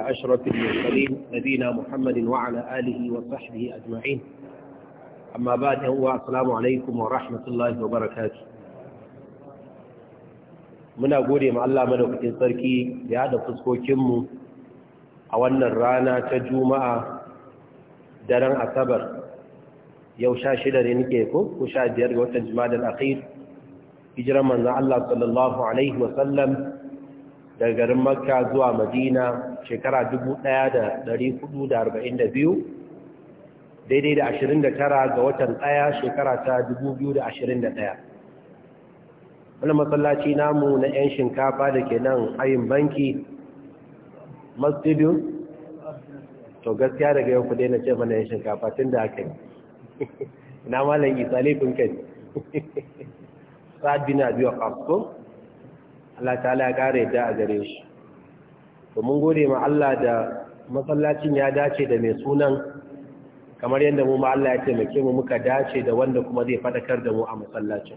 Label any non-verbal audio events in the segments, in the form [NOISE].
على أشرف المرسلين نبينا محمد وعلى آله وصحبه أجمعين أما بعد هو السلام عليكم ورحمة الله وبركاته muna gode ma Allah madaukakin sarki da ya da fuskokinmu a wannan rana ta juma'a daren asabar yau sha shida ne nike ko ko sha biyar ga watan da akhir hijiran manzan Allah sallallahu alaihi wasallam daga garin makka zuwa madina shekara 1442 daidai da 29 ga watan ɗaya shekara ta 2021 wani matsalaci namu na 'yan shinkafa da ke nan ayin banki masjidin to gaskiya daga yau ku daina ce mana 'yan shinkafa tun da aka yi [LAUGHS] na malar isa laifin kai [LAUGHS] sa'ad bin abu a Allah ta'ala ya ƙara yadda a gare shi to mun gode ma Allah da masallacin ya dace da mai sunan kamar yadda mu ma Allah ya taimake mu muka dace da wanda kuma zai faɗakar da mu a masallacin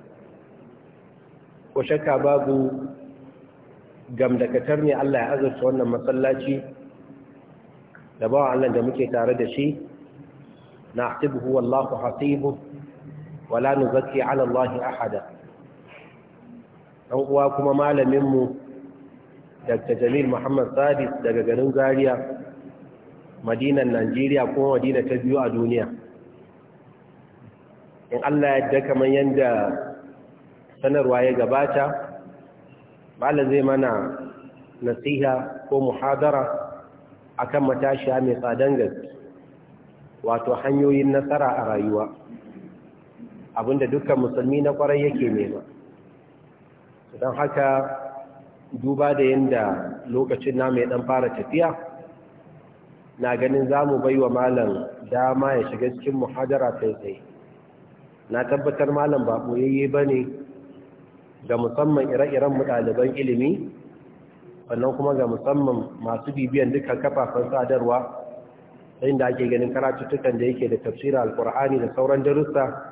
ko shakka babu gamdakatar ne Allah ya azurta wannan masallaci da bawan Allah da muke tare da shi na ahtibuhu wallahu hasibu wala nuzakki ala Allah ahada ɗan uwa kuma malaminmu dr jamil muhammad sadis daga garin zaria madinan najeriya kuma madina ta biyu a duniya in allah ya yadda kamar yadda sanarwa ya gabata malam zai mana nasiha ko muhadara akan matashiya mai tsadan gaske wato hanyoyin nasara a rayuwa abinda dukkan musulmi na kwarai yake nema don haka duba da yadda lokacin na mai ɗan fara tafiya na ganin za mu bai wa malam dama ya shiga cikin muhadara sai tsaye na tabbatar malam ba ɓoyayye ba ne ga musamman ire-iren ɗaliban ilimi sannan kuma ga musamman masu bibiyan dukkan kafafen sadarwa inda ake ganin karatuttukan da yake da tafsirar alkur'ani da sauran darussa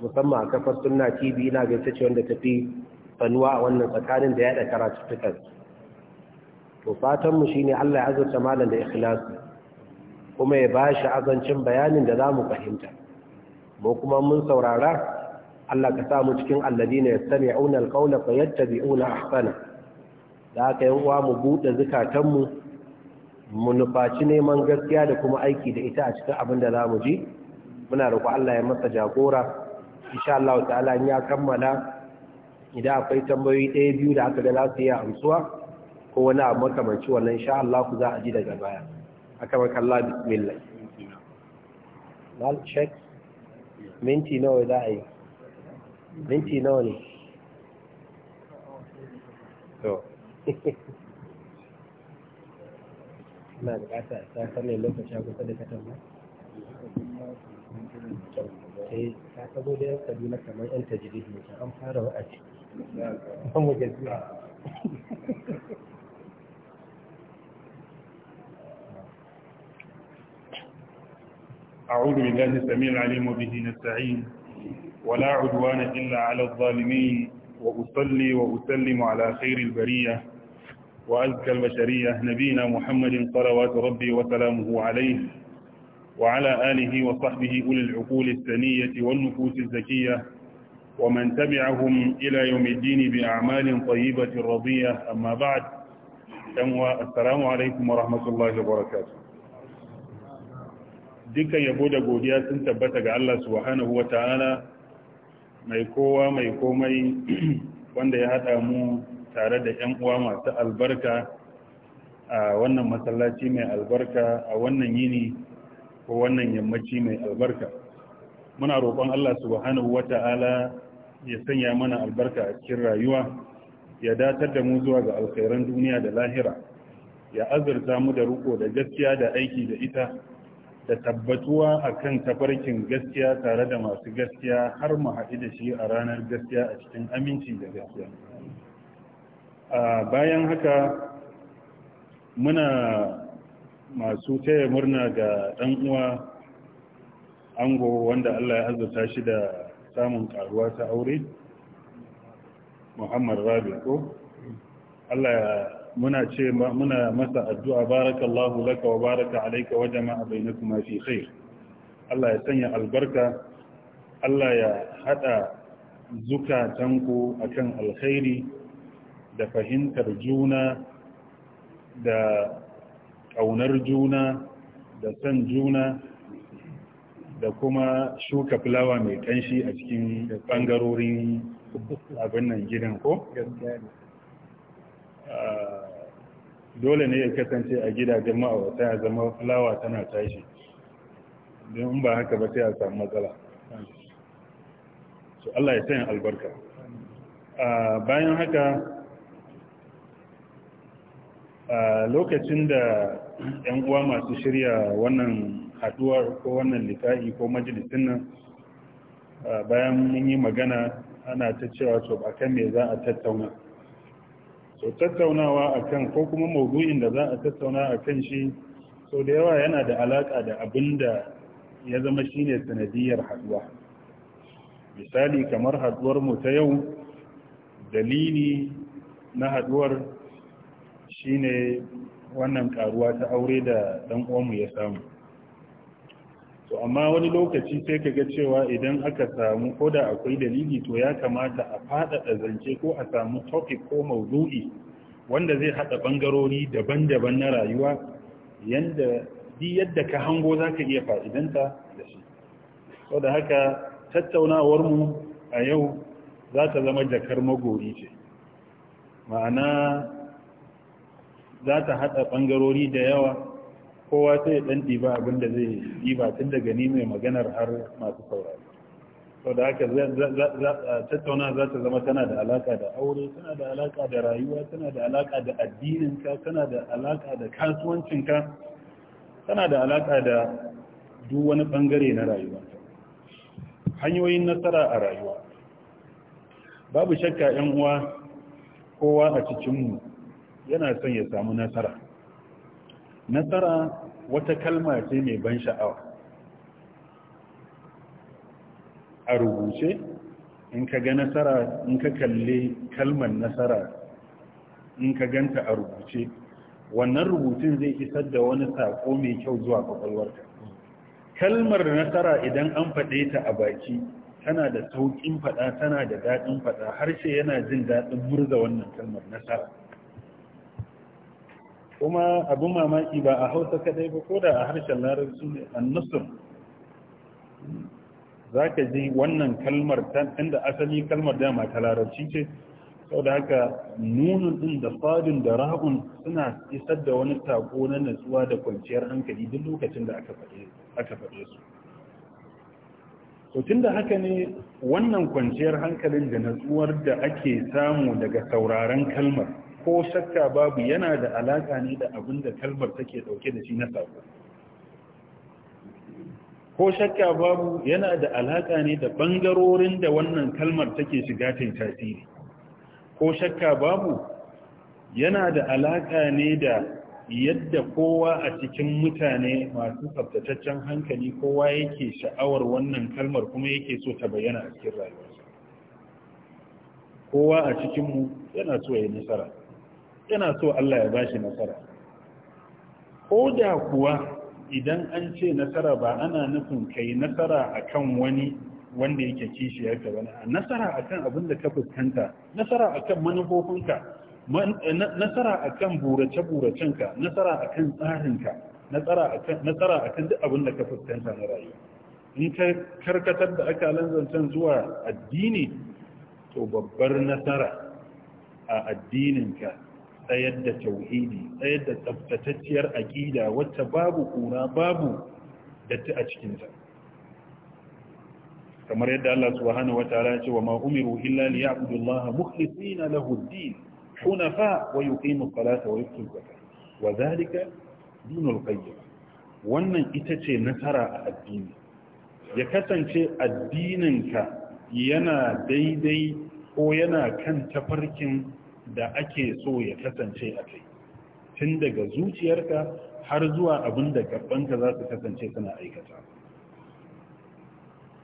musamman a kafar suna tv na gaisa ce wanda tafi sanuwa a wannan tsakanin da ya yaɗa karatuttukan to fatanmu shi ne Allah ya azurta malam da ikhlasu kuma ya ba shi azancin bayanin da za mu fahimta mu kuma mun saurara Allah ka sa mu cikin alladina yastami'una alqawla fayattabi'una ahsana da aka yi uwa mu buɗe zukatanmu mu nufaci neman gaskiya da kuma aiki da ita a cikin abin da za mu ji muna roƙo Allah ya masa jagora insha Allah ta'ala in ya kammala idan akwai tambayoyi ɗaya biyu da aka ga su yi amsuwa ko wani abu makamanci wannan sha Allah ku za a ji daga baya a kamar kalla bismillah mal check minti nawa za a yi minti nawa ne to na da kasa ta kame lokaci a kusa da ba ta sabo da yan kaduna kamar yan tajiri ne ta an fara wa'azi أعوذ بالله السميع العليم وبه نستعين ولا عدوان إلا على الظالمين وأصلي وأسلم على خير البرية وأزكى البشرية نبينا محمد صلوات ربي وسلامه عليه وعلى آله وصحبه أولي العقول السنية والنفوس الزكية ومن تبعهم إلى يوم الدين بأعمال طيبة رضية أما بعد السلام عليكم ورحمة الله وبركاته dukkan yabo da godiya sun tabbata ga Allah subhanahu wa ta'ala mai kowa mai komai wanda ya haɗa mu tare da ‘yan uwa masu albarka a wannan masallaci mai albarka a wannan yini ko wannan yammaci mai albarka muna roƙon Allah subhanahu wata'ala ya sanya mana albarka a cikin rayuwa ya datar da mu zuwa ga alkhairan duniya da lahira ya azurta mu da riko da gaskiya da aiki da ita da tabbatuwa akan tafarkin gaskiya tare da masu gaskiya har mu haɗu da shi a ranar gaskiya a cikin aminci da gaskiya bayan haka muna masu taya murna ga ɗan uwa ango wanda Allah ya azurta shi da samun karuwa ta aure Muhammad Rabi ko Allah muna ce muna masa addu'a barakallahu laka wa baraka alayka wa jama'a bainakuma fi khair Allah ya sanya albarka Allah ya hada zukatanku akan alkhairi da fahimtar juna da ƙaunar juna da san juna da kuma shuka fulawa mai kanshi a cikin bangarorin abin nan gidan ko? Ah, dole ne ya kasance a gida jama'a ma'aurata ya zama fulawa tana tashi don ba haka ba sai a samu matsala su Allah ya sayan albarka ah, bayan haka ah, lokacin da 'yan uwa masu shirya wannan haduwar ko wannan litai ko majalisin nan bayan mun yi magana ana ta cewa to ba kan me za a tattauna to tattaunawa akan ko kuma maudu'in da za a tattauna akan shi so da yawa yana da alaka da abinda ya zama shine sanadiyar haduwa misali kamar haduwar mu ta yau dalili na haduwar shine wannan karuwa ta aure da dan uwanmu ya samu to amma wani lokaci sai ka ga cewa idan aka samu ko da akwai dalili to ya kamata a faɗaɗa zance ko a samu topic ko maudu'i wanda zai haɗa bangarori daban-daban na rayuwa yanda di yadda ka hango zaka iya fa'idanta da shi To da haka tattaunawarmu a yau za ta zama jakar magori ce ma'ana za ta haɗa ɓangarori da yawa kowa sai dan diba abin da zai diba tun daga ni mai maganar har masu saurari sau da haka tattauna za ta zama tana da alaka da aure tana da alaka da rayuwa tana da alaka da addininka tana da alaka da kasuwancinka tana da alaka da duk wani bangare na rayuwa hanyoyin nasara a rayuwa babu shakka yan uwa kowa a cikinmu yana son ya samu nasara nasara wata kalma ce mai ban sha'awa a rubuce in ka ga nasara in ka kalli kalmar nasara in ka ganta a rubuce wannan rubutun zai isar da wani sako mai kyau zuwa kwakwalwarka kalmar nasara idan an faɗe ta a baki tana da sauƙin faɗa tana da daɗin faɗa harshe yana jin daɗin murza wannan kalmar nasara kuma abin mamaki ba a hausa kadai ba ko da a harshen larabci ne annusur za ka ji wannan kalmar inda asali kalmar dama ta larabci ce sau da haka nunun din da fadin da ra'un suna isar da wani tako na natsuwa da kwanciyar hankali duk lokacin da aka faɗe su tun da haka ne wannan kwanciyar hankalin da natsuwar da ake samu daga sauraren kalmar ko shakka babu yana da alaka ne da abin da kalmar take ɗauke da shi na sako ko shakka babu yana da alaka ne da bangarorin da wannan kalmar take shiga ta tasiri ko shakka babu yana da alaƙa ne da yadda kowa a cikin mutane masu tsaftataccen hankali kowa yake sha'awar wannan kalmar kuma yake so ta bayyana a cikin rayuwarsa kowa a cikinmu yana so ya nasara yana so Allah ya ba shi nasara ko da kuwa idan an ce nasara ba ana nufin kai nasara akan wani wanda yake kishiyarka ba nasara akan abin da ka fuskanta nasara akan manufofinka nasara akan burace-buracenka nasara akan tsarinka nasara akan duk abin da ka fuskanta na rayuwa in ka karkatar da aka zancen zuwa addini to babbar nasara a addininka tsayar da tauhidi tsayar da tsaftatacciyar aƙida wacce babu ƙura, babu datti a cikinta kamar yadda Allah subhanahu wataala ya ce wa ma umiru illa liya'budu Allah mukhlisina lahu ad-din hunafa wa yuqimu as-salata wa yutu az wa dhalika dinul qayyim wannan ita ce nasara a addini ya kasance addininka yana daidai ko yana kan tafarkin da ake so ya kasance a kai tun daga zuciyarka har zuwa abin da gabanka za su kasance suna aikata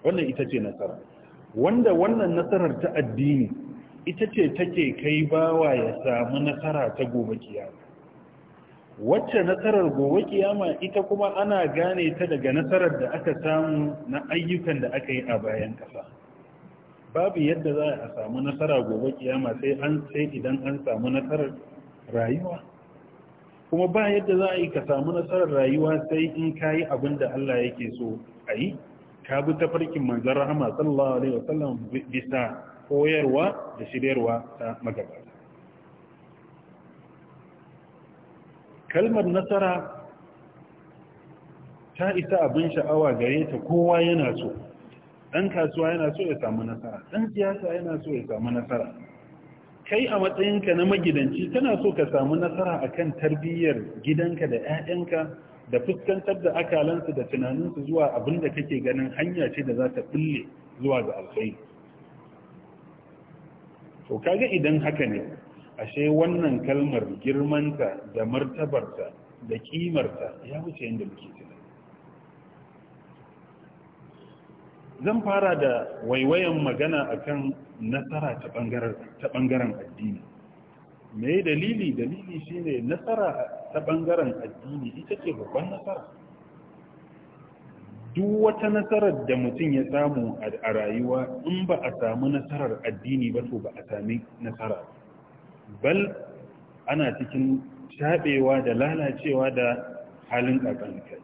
wannan ita ce nasara wanda wannan nasarar ta addini ita ce take kai bawa ya samu nasara ta gobe kiyama wacce nasarar gobe kiyama ita kuma ana gane ta daga nasarar da aka samu na ayyukan da aka yi a bayan kasa babu yadda za a samu nasara gobe kiyama sai an sai idan an samu nasarar rayuwa kuma ba yadda za a yi ka samu nasarar rayuwa sai in ka yi abin da Allah yake so a yi ka bi ta farkin manzan rahama sallallahu alaihi wasallam bisa koyarwa da shiryarwa ta magabata kalmar nasara ta isa abin sha'awa gare ta kowa yana so ɗan kasuwa yana so ya samu nasara ɗan siyasa yana so ya samu nasara kai a matsayinka na magidanci tana so ka samu nasara akan tarbiyyar gidanka da 'ya'yanka da fuskantar da akalansu da tunaninsu zuwa abinda da kake ganin hanya ce da za ta bulle zuwa ga alkhairi to kaga idan haka ne ashe wannan kalmar girmanta da martabarta da kimarta ya wuce yadda muke zan fara da waiwayan magana akan nasara ta ɓangaren addini me dalili dalili shine nasara ta ɓangaren addini ita ce babban nasara duk wata nasarar da mutum ya samu a rayuwa in ba a samu nasarar addini ba to ba a sami nasara bal ana cikin shaɓewa da lalacewa da halin ƙaƙankai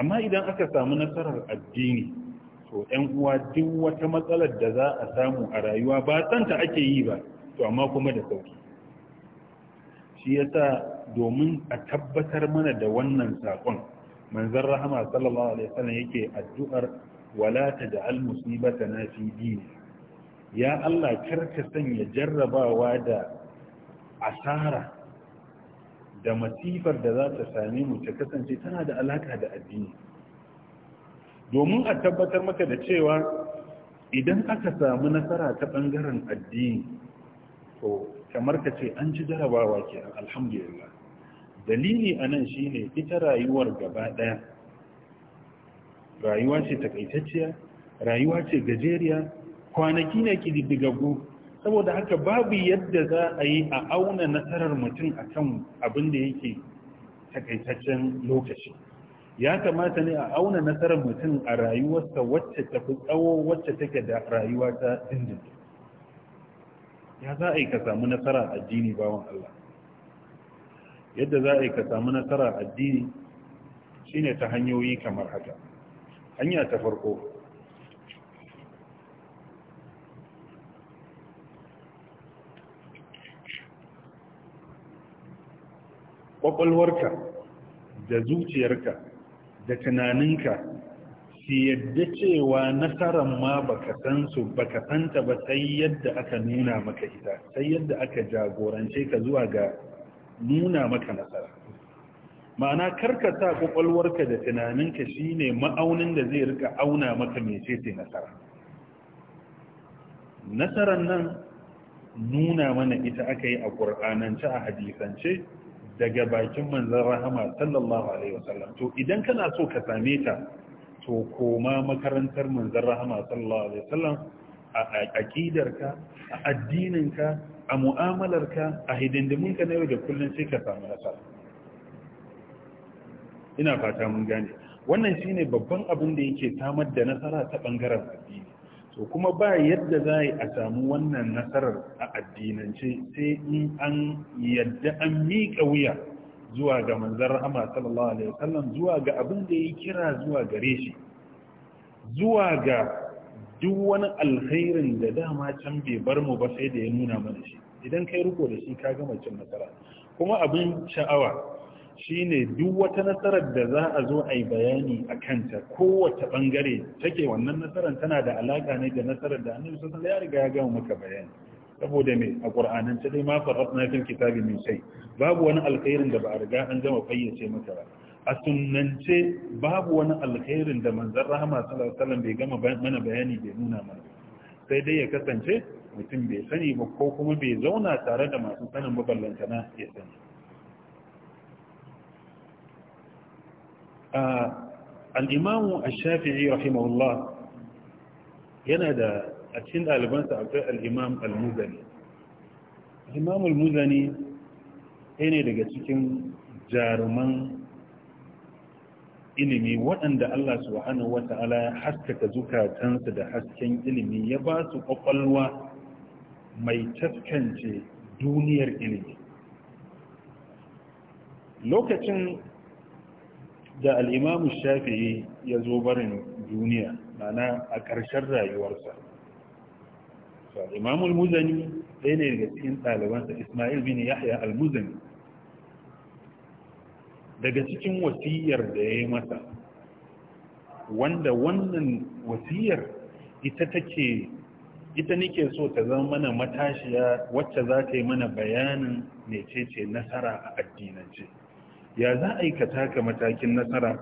amma idan aka samu nasarar addini to 'yan uwa duk wata matsalar da za a samu a rayuwa ba santa ake yi ba to amma kuma da sauki shi yasa domin a tabbatar mana da wannan sakon manzon rahama sallallahu alaihi wasallam yake addu'ar wala taj'al na fi dini ya Allah karka sanya jarrabawa da asara da masifar da za ta same mu ta kasance tana da alaka da addini domin a tabbatar maka da cewa idan aka samu nasara ta ɓangaren addini to kamar ka ce an ci jarabawa ke alhamdulillah dalili a nan shi ne ita rayuwar gaba ɗaya rayuwa ce takaitacciya rayuwa ce gajeriya kwanaki ne ƙididdigaggu saboda haka babu yadda za a yi a auna nasarar mutum akan abin da yake takaitaccen lokaci ya kamata ne a auna nasarar mutum a rayuwarsa wacce ta fi tsawo wacce take da rayuwa ta dindin ya za a yi ka samu nasara a addini bawan Allah yadda za a yi ka samu nasara a addini shine ta hanyoyi kamar haka hanya ta farko kwakwalwarka da zuciyarka da tunaninka su yadda cewa nasarar ma baka san su baka santa ba sai yadda aka nuna maka ita sai yadda aka jagorance ka zuwa ga nuna maka nasara ma'ana karka sa kwakwalwarka da tunaninka shine ma'aunin da zai rika auna maka mai ce nasara nasarar nan nuna mana ita aka yi a ƙur'anance a hadisance daga bakin manzon rahama sallallahu alaihi wasallam to idan kana so ka same ta to koma makarantar manzon rahama sallallahu alaihi wasallam a aqidarka a addininka a mu'amalarka a hidindiminka na yau da kullum sai ka same nasara ina fata mun gane wannan shine babban abin da yake samar da nasara ta bangaren addini to kuma ba yadda za a samu wannan nasarar a addinance sai in an yadda an miƙa wuya zuwa ga manzan rahama sallallahu alaihi wasallam zuwa ga abin da ya kira zuwa gare shi zuwa ga duk wani alkhairin da dama can bai bar mu ba sai da ya nuna mana shi idan kai riko da shi ka gama cin nasara kuma abin sha'awa shine duk wata nasarar da za a zo a yi bayani a kanta kowace bangare take wannan nasarar tana da alaka ne da nasarar da annabi sallallahu ya riga ya gama maka bayani saboda me a ƙur'anance ta dai ma farratna fil kitabi min shay babu wani alkhairin da ba a riga an gama fayyace maka ba a sunnance babu wani alkhairin da manzon rahama sallallahu alaihi wasallam bai gama mana bayani bai nuna mana sai dai ya kasance mutum bai sani ba ko kuma bai zauna tare da masu sanin maballantana ya sani al'imamu a shafi'i rahimahullah yana da a cikin ɗalibansa akwai al'imam al-muzani al'imam al-muzani ɗaya ne daga cikin jaruman ilimi waɗanda Allah subhanahu wa ta'ala ya haskaka zukatansu da hasken ilimi ya ba su ƙwaƙwalwa mai taskance duniyar ilimi lokacin da al'imamu shafi'i ya zo barin duniya mana a ƙarshen rayuwarsa al'imamu al-muzani ɗaya ne daga cikin ɗalibansa ismail bin yahya al-muzani daga cikin wasiyar da ya yi masa wanda wannan wasiyar ita take ita nake so ta zama mana matashiya wacce za ta yi mana bayanin mecece nasara a addinance. ya za a yi ka taka matakin nasara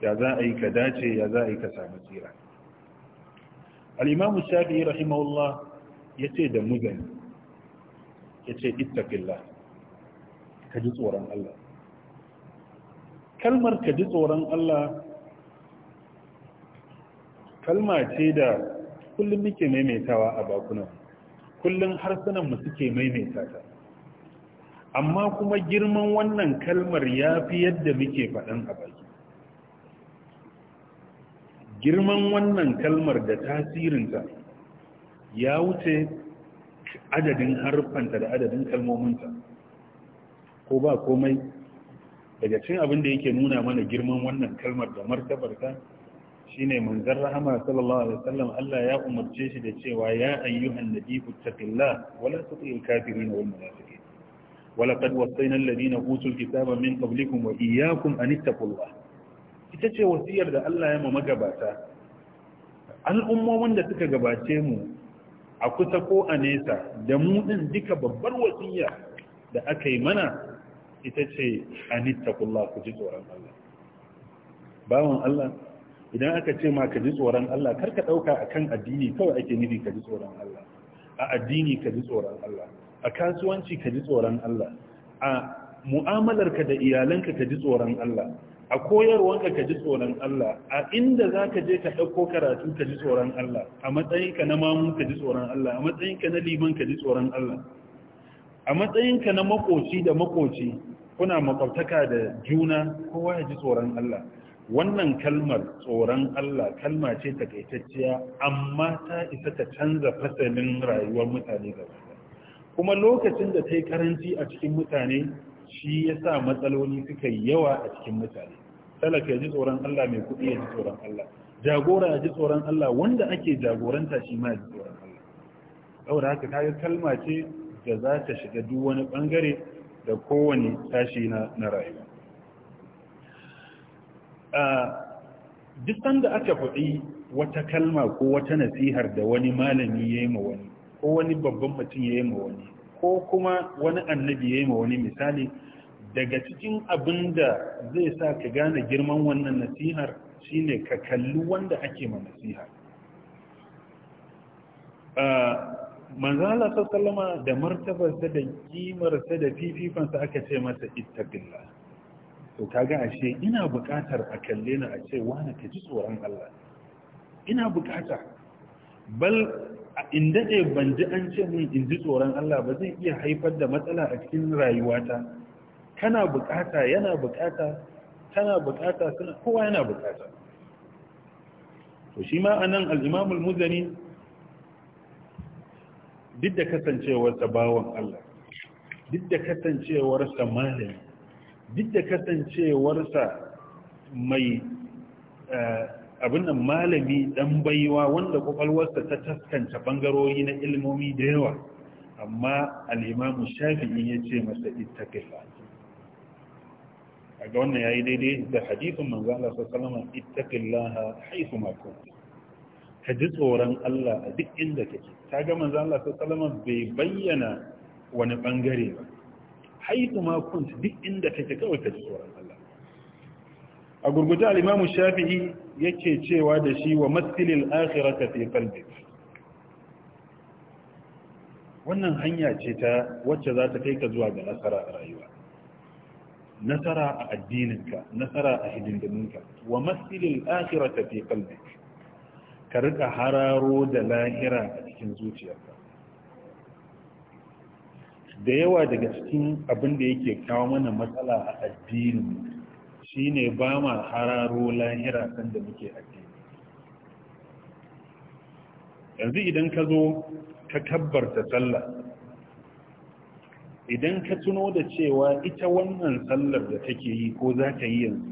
ya za a yi ka dace ya za a yi ka samu tsira al'imamu shafi'i rahimahullah ya ce da mugan ya ce ittafilla ka ji tsoron Allah kalmar ka ji tsoron Allah kalma ce da kullum muke maimaitawa a bakunan kullum harsunan mu suke maimaita ta amma kuma girman wannan kalmar ya fi yadda muke faɗan a baki girman wannan kalmar da tasirinta ya wuce adadin harfanta da adadin kalmominta ko ba komai daga cin abin da yake nuna mana girman wannan kalmar da martabarta shi ne manzan rahama sallallahu alaihi wasallam Allah ya umarce shi da cewa ya ayyuhan nabiyyu taqillah wala tuti'il kafirin wal munafiqin ولقد وصينا الذين اوتوا الكتاب من قبلكم واياكم ان اتقوا الله ita ce wasiyar da Allah ya ma magabata al'ummomin da suka gabace mu a kusa ko a nesa da mu din duka babbar wasiya da aka yi mana ita ce an ku ji tsoron Allah bawon Allah idan aka ce ma ka ji tsoron Allah kar ka dauka akan addini kawai ake nufi ka ji tsoron Allah a addini ka ji tsoron Allah a kasuwanci ka ji tsoron Allah a mu'amalarka da iyalanka ka ji tsoron Allah a koyarwanka ka ji tsoron Allah a inda za ka je ka ɗauko karatu ka ji tsoron Allah a matsayinka na mamu ka ji tsoron Allah a matsayinka na liman ka ji tsoron Allah a matsayinka na makoci da makoci kuna makwabtaka da juna kowa ya ji tsoron Allah wannan kalmar tsoron Allah kalma ce takaitacciya amma ta isa ta canza fasalin rayuwar mutane gaba kuma lokacin da ta yi karanci a cikin mutane shi ya sa matsaloli suka yi yawa a cikin mutane talaka ya ji tsoron Allah mai kuɗi ya ji tsoron Allah jagora ya ji tsoron Allah wanda ake jagoranta shi ma ya ji tsoron Allah saboda haka yi kalma ce da za ta shiga duk wani bangare da kowane tashi na rayuwa duk sanda aka faɗi wata kalma ko wata nasihar da wani malami ya yi ma wani ko wani babban mutum ya yi ma wani ko kuma wani annabi ya yi ma wani misali daga cikin abin da zai sa ka gane girman wannan nasihar shine ka kalli wanda ake ma nasihar manzala sallama da martabarsa da kimarsa da fififansa aka ce masa ittabila to kaga ashe ina bukatar a kalle ni a ce wani ka ji tsoron Allah ina buƙata bal in ne ban ji an ce min in ji tsoron Allah ba zai iya haifar da matsala a cikin rayuwata kana bukata yana bukata tana bukata suna kowa yana bukata to shi ma anan al muzani duk da kasancewarsa bawan Allah duk da kasancewarsa malami duk da kasancewarsa mai eh, abin nan malami dan baiwa wanda kwakwalwarsa ta taskanta bangarori na ilmomi da yawa amma al'imamu shafi'i ya ce masa ita ittakifa a ga wannan ya yi daidai da hadifin manzala su salama ittakillaha haifu makon ka ji tsoron Allah a duk inda kake ta ga manzala su salama bai bayyana wani bangare ba haifu makon duk inda kake kawai ka ji tsoron Allah a gurguta al'imamu shafi'i yake cewa da shi wa matsilil akhirata fi qalbi wannan hanya ce ta wacce za ta kai ka zuwa ga nasara a rayuwa nasara a addininka nasara a hidindininka wa matsilil akhirata fi qalbi ka rika hararo da lahira a cikin zuciyarka da yawa daga cikin abin da yake kawo mana matsala a addinin shine ba ma hararo lahira san da muke addini yanzu idan ka zo ka kabbarta sallah idan ka tuno da cewa ita wannan sallar da take yi ko za ta yi yanzu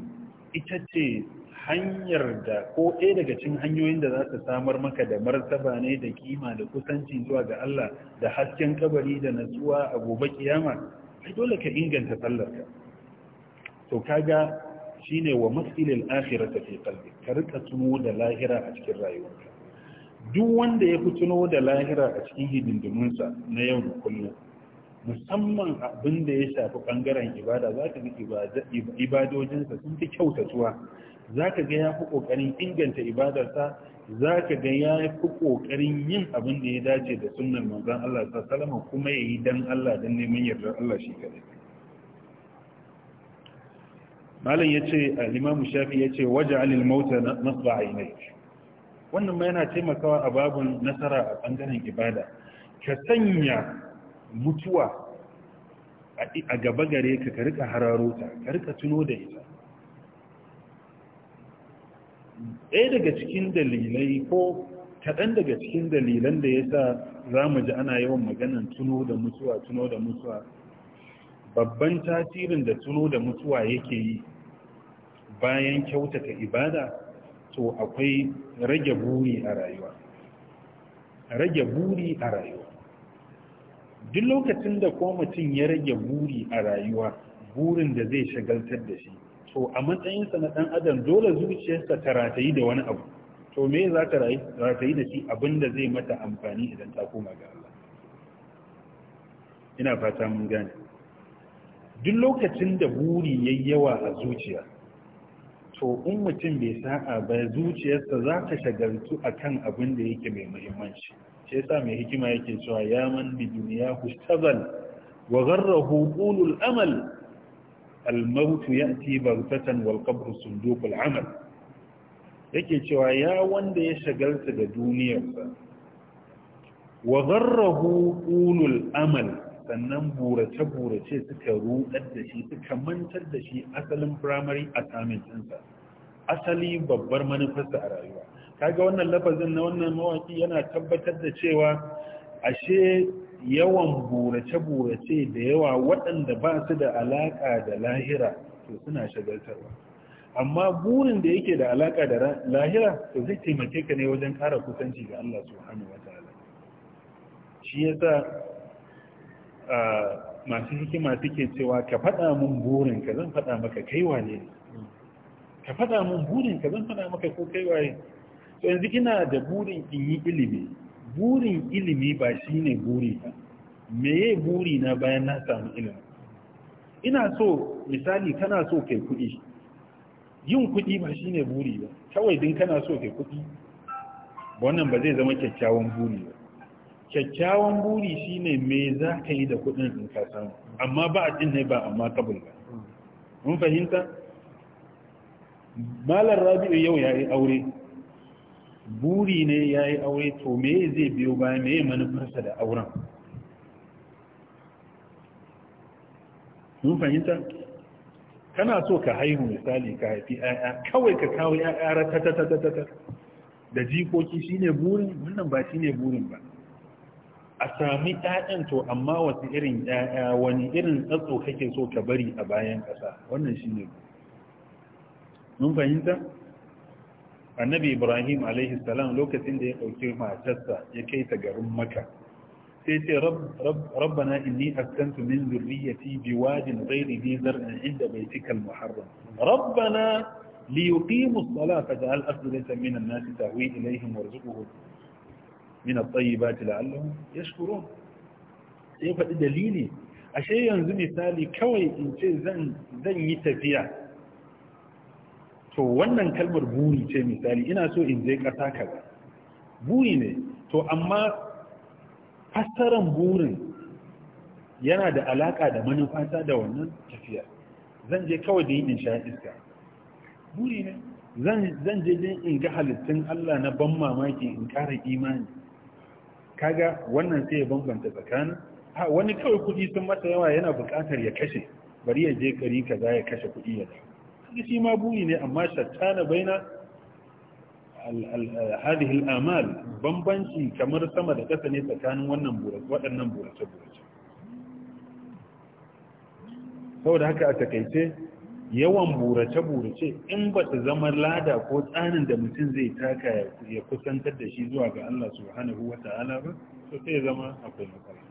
ita ce hanyar da ko ɗaya daga cikin hanyoyin da za ta samar maka da martaba ne da kima da kusanci zuwa ga Allah da hasken kabari da natsuwa a gobe kiyama ai dole ka inganta sallarka to kaga shine wa masilil ta fi qalbi ka rika tuno da lahira a cikin rayuwarka duk wanda ya fi tuno da lahira a cikin hidindimunsa na yau da kullum musamman abin da ya shafi bangaren ibada za ka ji ibadojinsa sun fi kyautatuwa za ka ga ya fi ƙoƙarin inganta ibadarsa za ka ga yafi fi ƙoƙarin yin abin da ya dace da sunan manzan Allah salama kuma ya yi don Allah don neman yardar Allah shi kadai malam ya ce, alimamu shafi yace waje al-mauta yi aynayk wannan ma yana taimakawa a babin nasara a ɓangaren ibada ka sanya mutuwa a gaba gare ka ka rika hararo ta ka rika tuno da ita ɗaya daga cikin dalilai ko kaɗan daga cikin dalilan da ya sa za mu ji ana yawan maganan tuno da mutuwa tuno da mutuwa babban tasirin da tuno da mutuwa yake yi bayan kyautata ibada to akwai rage buri a rayuwa rage buri a rayuwa duk lokacin da ko mutum ya rage buri a rayuwa burin da zai shagaltar da shi to a matsayinsa na ɗan adam dole zuciyarsa ta ratayi da wani abu to me za ta ratayi da shi abin da zai mata amfani idan ta koma ga Allah ina fata mun gane duk lokacin da buri ya yi yawa a zuciya to in mutum bai sa'a ba zuciyarsa za ta shagaltu a kan abin da yake mai muhimmanci shi yasa mai hikima yake cewa ya man bi duniya shagal wa gharrahu hukunul amal almautu ya ya'ti baghtatan wal qabr amal yake cewa ya wanda ya shagalta da duniyarsa wa gharrahu hukunul amal Sannan burace-burace suka rudar da shi suka mantar da shi asalin primary assignment ɗinsa asali babbar manufarsa a rayuwa kaga wannan lafazin na wannan mawaki yana tabbatar da cewa ashe yawan burace-burace da yawa waɗanda ba su da alaƙa da lahira to suna shagaltarwa amma burin da yake da alaƙa da lahira to zai taimake ka ne wajen ƙara kusanci ga Allah subhanahu wataala shi yasa masu hikima suke cewa ka faɗa mun burin ka zan faɗa maka kaiwa ne ka faɗa mun burin ka zan faɗa maka ko kaiwa ne to yanzu kina da burin in yi ilimi burin ilimi ba shi ne buri ba Me ye buri na bayan na samu ilimi ina so misali kana so kai kuɗi yin kuɗi ba shi ne buri ba kawai din kana so kai kuɗi wannan ba zai zama kyakkyawan buri ba kyakkyawan buri shine me za ka yi da kuɗin in ka samu amma ba a jin ne ba amma kabul ba mun fahimta malar rabi'u yau ya yi aure buri ne ya yi aure to me zai biyo ba? me manufarsa da auren mun fahimta kana so ka haihu misali ka haifi ‘ya'ya kawai ka kawo ‘ya'ya ratatatatata da jikoki shine burin wannan ba shine burin ba a sami ƴaƴan to amma wasu irin ƴaƴa wani irin tsatso kake so ka bari a bayan ƙasa wannan shine mun fahimta annabi ibrahim alaihi salam lokacin da ya ɗauki matarsa ya kai ta garin maka sai ce rabbana inni askantu min zurriyyati biwadin ghairi dhi zar'in inda baitikal muharram rabbana liyuqimu as-salata faj'al afdalatan min an-nasi tahwi ilayhim warzuqhum min at-tayyibati ya yashkurun sai faɗi dalili ashe yanzu misali kawai in ce zan yi tafiya to wannan kalmar buri ce misali ina so in je ƙasa kaza buri ne to amma fassaran burin yana da alaka da manufata da wannan tafiya zan je kawai da yin sha iska buri ne zan je in ga halittun Allah na ban mamaki in ƙara imani kaga wannan sai ya bambanta tsakanin ha wani kawai kuɗi sun masa yawa yana buƙatar ya kashe bari ya je kari kaza ya kashe kuɗi ya dawo shi ma buri ne amma shattana baina hadhihi al-amal bambanci kamar sama da kasa ne tsakanin wannan waɗannan burace burace saboda haka a takaice yawan burace-burace in ba ta zama lada ko tsanin da mutum zai taka ya kusantar da shi zuwa ga Allah subhanahu wa ta'ala ba to sai ya zama akwai matsala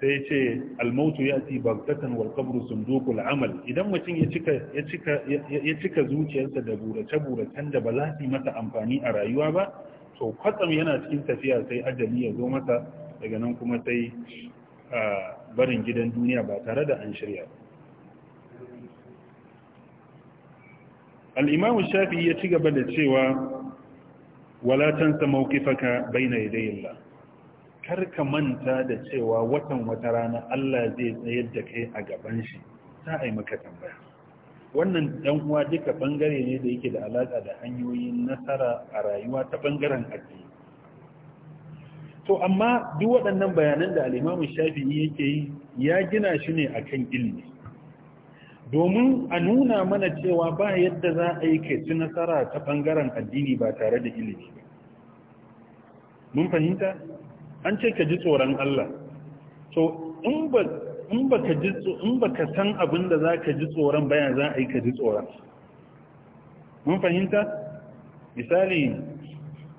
sai ce almautu ya ti bagtatan wal qabru sundukul amal idan mutum ya cika zuciyarsa da burace-buracen da ba za su masa amfani a rayuwa ba to kwatsam yana cikin tafiya sai ajali ya zo masa daga nan kuma sai ah, barin gidan duniya ba tare da an shirya ba al'imamu shafi ya ci gaba da cewa walatansa tansa mawqifaka baina yadayillah kar ka manta da cewa watan wata rana Allah zai tsayar da kai a gaban shi ta yi maka tambaya wannan dan uwa duka bangare ne da yake da alaka da hanyoyin nasara a rayuwa ta bangaren addini to amma duk waɗannan bayanan da al Shafi'i yake yi ya gina shi ne akan ilimi domin a nuna mana cewa ba yadda za a yi ke ci nasara ta ɓangaren addini ba tare da ilimi ba mun fahimta an ce ka ji tsoron Allah so in ba ka san abin da za ka ji tsoron bayan za a yi ka ji tsoron mun fahimta misali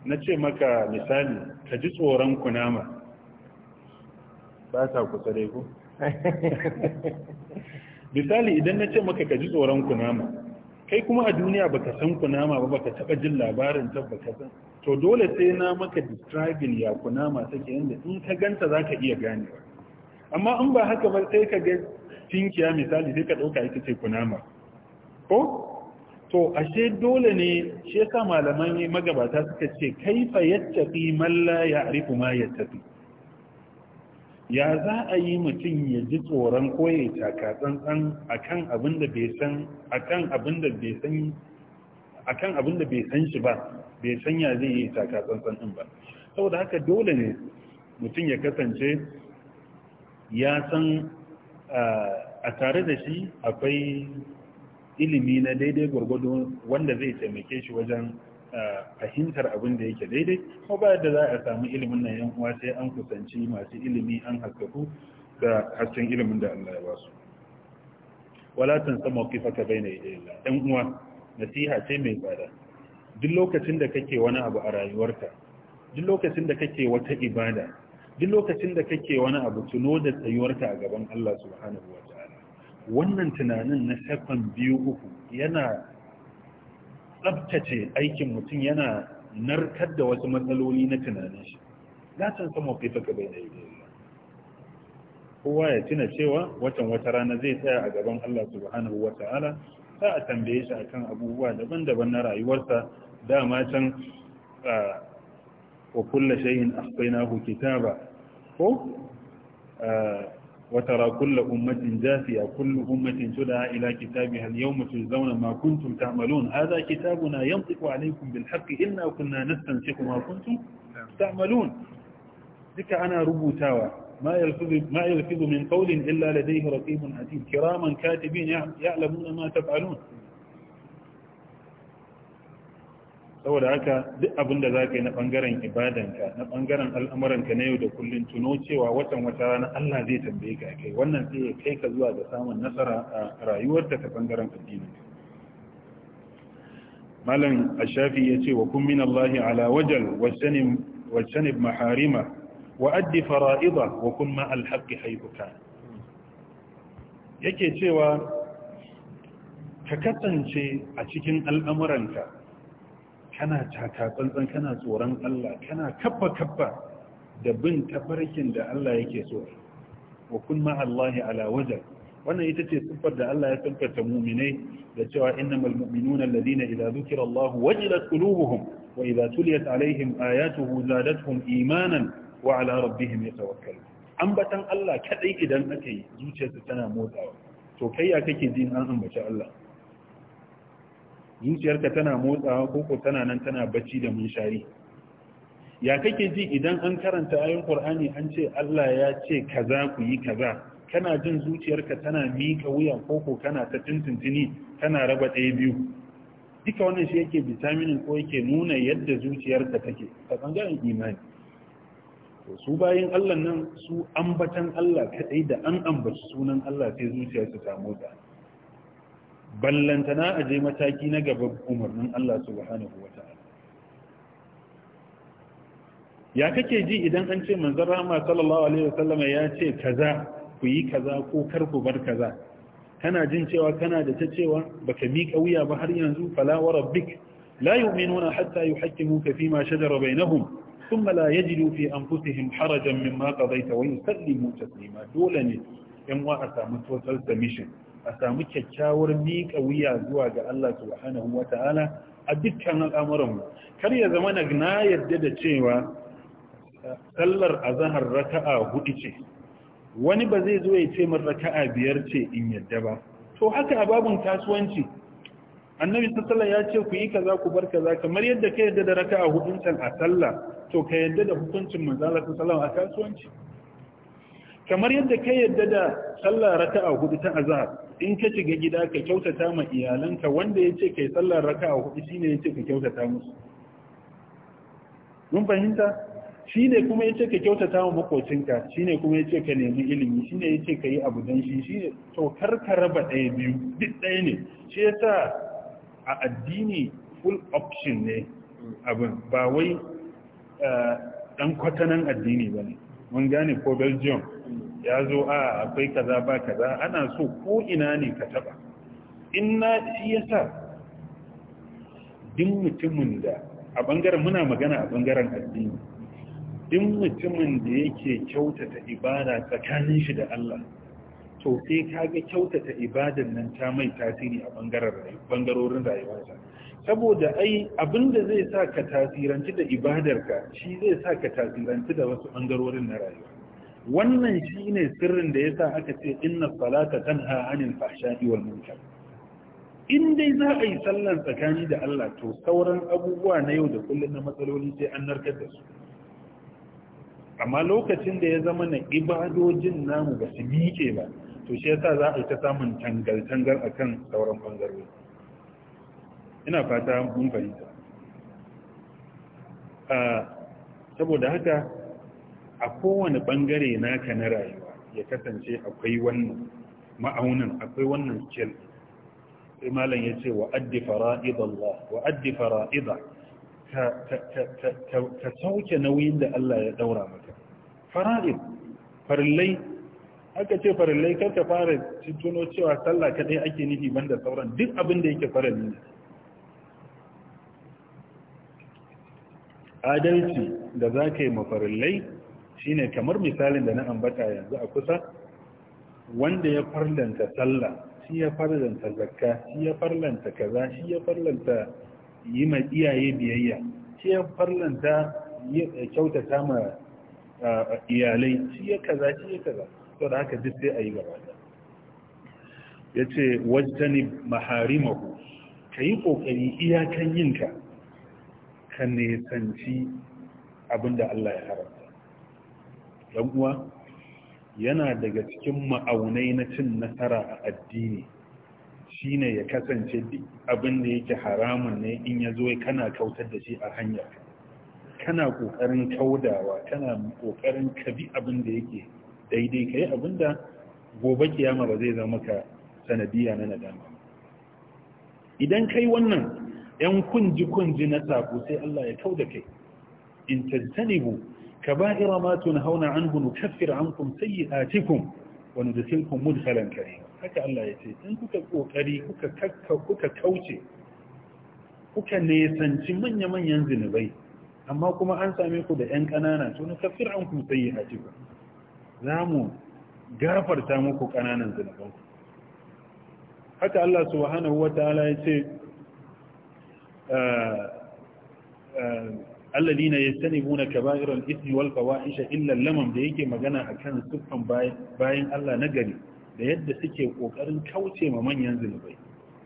na ce maka misali ka ji tsoron kunama ba ta kusa dai ku. [LAUGHS] misali idan na ce maka ka ji tsoron kunama kai kuma a duniya baka san kunama ba baka taba jin labarin ta baka san to dole sai na maka describing ya kunama take yanda in ka ganta zaka iya ganewa amma in ba haka ba sai ka ga tinkiya misali sai ka dauka ita ce kunama ko to ashe dole ne shi yasa malaman magabata suka ce kaifa yattaqi man la ya'rifu ma yattaqi ya za a yi mutum ya ji tsoron koya taka tsantsan akan abin da bai san akan abin da bai san akan abin da bai san shi ba bai san ya zai yi taka tsantsan din ba saboda haka dole ne mutum ya kasance ya san a tare da shi akwai ilimi na daidai gwargwado wanda zai taimake shi wajen fahimtar abin da yake daidai ko ba yadda za a samu ilimin nan yan uwa sai an kusanci masu ilimi an haskaku da hasken ilimin da Allah ya ba su wala tansa mawqifaka baina yadayillah Yan uwa nasiha ce mai tsada duk lokacin da kake wani abu a rayuwarka duk lokacin da kake wata ibada duk lokacin da kake wani abu tuno da tsayuwarka a gaban Allah subhanahu wataala wannan tunanin na sakon biyu uku yana tsabtace aikin mutum yana narkar da wasu matsaloli na tunanin shi san sama fi faka bai na kowa ya tuna cewa watan wata rana zai tsaya a gaban Allah subhanahu wa ta'ala za a tambaye shi akan abubuwa daban-daban na rayuwarsa dama can wa kulla shayin akwai kitaba ko وترى كل أمة جاثية كل أمة تدعى إلى كتابها اليوم تجزون ما كنتم تعملون هذا كتابنا ينطق عليكم بالحق إنا كنا نستنسخ ما كنتم تعملون ذك أنا ربوتاوى ما يلفظ, ما يلفظ من قول إلا لديه رقيب عتيد كراما كاتبين يعلمون ما تفعلون saboda haka duk abin da za ka yi na ɓangaren ibadanka na ɓangaren al'amuranka na yau da kullum tuno cewa watan wata rana Allah zai tambaye ka kai wannan sai ya kai ka zuwa ga samun nasara a rayuwarta ta ɓangaren addinin malam ashafi ya ce wa kun min Allah ala wajal wasanib maharima wa addi fara'ida wa kun ma alhaqqi haytuka yake cewa ka kasance a cikin al'amuranka kana takatsantsan kana tsoron Allah kana kafa kafa da bin tafarkin da Allah yake so wa kun ma Allah ala wajh wannan ita ce siffar da Allah ya tabbata mu'minai da cewa innamal mu'minuna alladhina idza dhukira Allah wajilat qulubuhum wa idza tuliyat alaihim ayatuhu zadatuhum imanan wa ala rabbihim yatawakkalun ambatan Allah kadai idan aka yi zuciyarsa tana motsawa to kai ya kake jin an ambaci Allah zuciyarka tana motsawa koko tana nan tana bacci da munshari ya kake ji idan an karanta ayin qur'ani an ce Allah ya ce kaza ku yi kaza kana jin zuciyarka tana mika wuya koko kana ta tuntuntuni kana raba ɗaya biyu duka wannan shi yake bitaminin ko yake nuna yadda zuciyarka take ta bangaren imani su bayan Allah nan su ambatan Allah kaɗai, da an ambaci sunan Allah sai zuciyarsu ta motsa ballantana a je mataki na gaba umarnin Allah subhanahu wa ta'ala ya kake ji idan an ce manzon rahama sallallahu alaihi wasallam ya ce kaza ku yi kaza ko kar ku bar kaza kana jin cewa kana da ta cewa baka miƙa wuya ba har yanzu fala wa rabbik la yu'minuna hatta yuhaqqimuka fima shajara bainahum thumma la yajidu fi anfusihim harajan mimma qadayta wa yusallimu taslima dole ne yan wa a samu total submission a samu kyakkyawar miƙa wuya zuwa ga Allah subhanahu wa ta'ala a dukkan al'amuranmu kar ya zama na gina yadda da cewa sallar zahar raka'a hudu ce wani ba zai zo ya ce min raka'a biyar ce in yadda ba to haka a babun kasuwanci annabi sassala ya ce ku yi kaza ku bar kaza kamar yadda ka yadda da raka'a hudun can a sallah to ka yadda da hukuncin manzala sassala a kasuwanci kamar yadda ka yadda da sallah raka'a hudu ta azahar in ka shiga gida ka kyautata ma iyalanka wanda ya ce kai sallar raka a hudu shine ya ce ka kyautata musu mun fahimta shi ne kuma ya ce ka kyautata ma makocinka shi ne kuma ya ce ka nemi ilimi shi ne ya ce ka yi abu don shi shi ne kar ka raba ɗaya biyu duk ɗaya ne shi ya sa a addini full option ne abin ba wai eh, ɗan kwatanan addini ba ne mun gane ko belgium ya zo a akwai kaza ba kaza ana so ko ina ne ka taba in na shi yasa din mutumin da a bangaren muna magana a bangaren addini din mutumin da yake kyautata ibada tsakanin shi da Allah to sai kaga kyautata ibadan nan ta mai tasiri a bangarorin rayuwarsa saboda ai abinda zai sa ka tasiranci da ibadarka shi zai sa ka tasiranci da wasu bangarorin na rayuwa wannan shi ne sirrin da ya sa aka ce inna salata tanha anil fahsha'i wal munkar in dai za a yi sallan tsakani da Allah to sauran abubuwa na yau da kullum na matsaloli sai an narkar da su amma lokacin da ya zama na ibadojin namu ba su miƙe ba to shi yasa za a yi ta samun tangal-tangal kan sauran bangarori ina fata mun fahimta ah, saboda haka a kowane bangare naka na rayuwa ya kasance akwai wannan ma'aunin akwai wannan skill sai malam ya ce wa addi fara'idallah wa addi fara'ida ka sauke nauyin da Allah ya daura maka fara'id farillai aka ce farillai kar ka fara tuno cewa sallah kadai ake nufi banda sauran duk abin da yake farali adalci da za ka yi mafarillai shine kamar misalin da na ambata yanzu a kusa wanda ya farlanta sallah shi ya farlanta zakka shi ya farlanta kaza shi ya farlanta yi ma iyaye biyayya shi ya farlanta eh, kyautata ma iyalai shi ya kaza shi ya kaza to da haka duk sai a yi gaba ya ce wajtani maharimahu ka yi ƙoƙari iyakan yinka ka nesanci abinda Allah ya haramta yan uwa yana daga cikin ma'aunai na cin nasara a addini shine ya kasance abin da yake haramun ne in ya zo kana kautar da shi a hanyar kana kokarin kaudawa kana kokarin kabi abin da yake daidai kai abin da gobe kiyama ba zai zama ka sanadiya na nadama idan kai wannan yan kunji kunji na sako sai Allah ya kauda kai in tajtanibu كبائر ما تنهون عنه نكفر عنكم سيئاتكم وندخلكم مدخلا كريما haka Allah ya ce in kuka kokari kuka kauce kuka nesanci manya-manyan zinubai amma kuma an same ku da 'yan ƙanana to na kafir an kuma sayi a za mu gafarta muku ƙananan zinubanku haka Allah subhanahu wa ta'ala ya ce alladina yastanibuna kaba'ir al-ithmi wal fawahish illa lamam da yake magana akan sukan bayan Allah na gari da yadda suke kokarin kauce ma manyan zunubai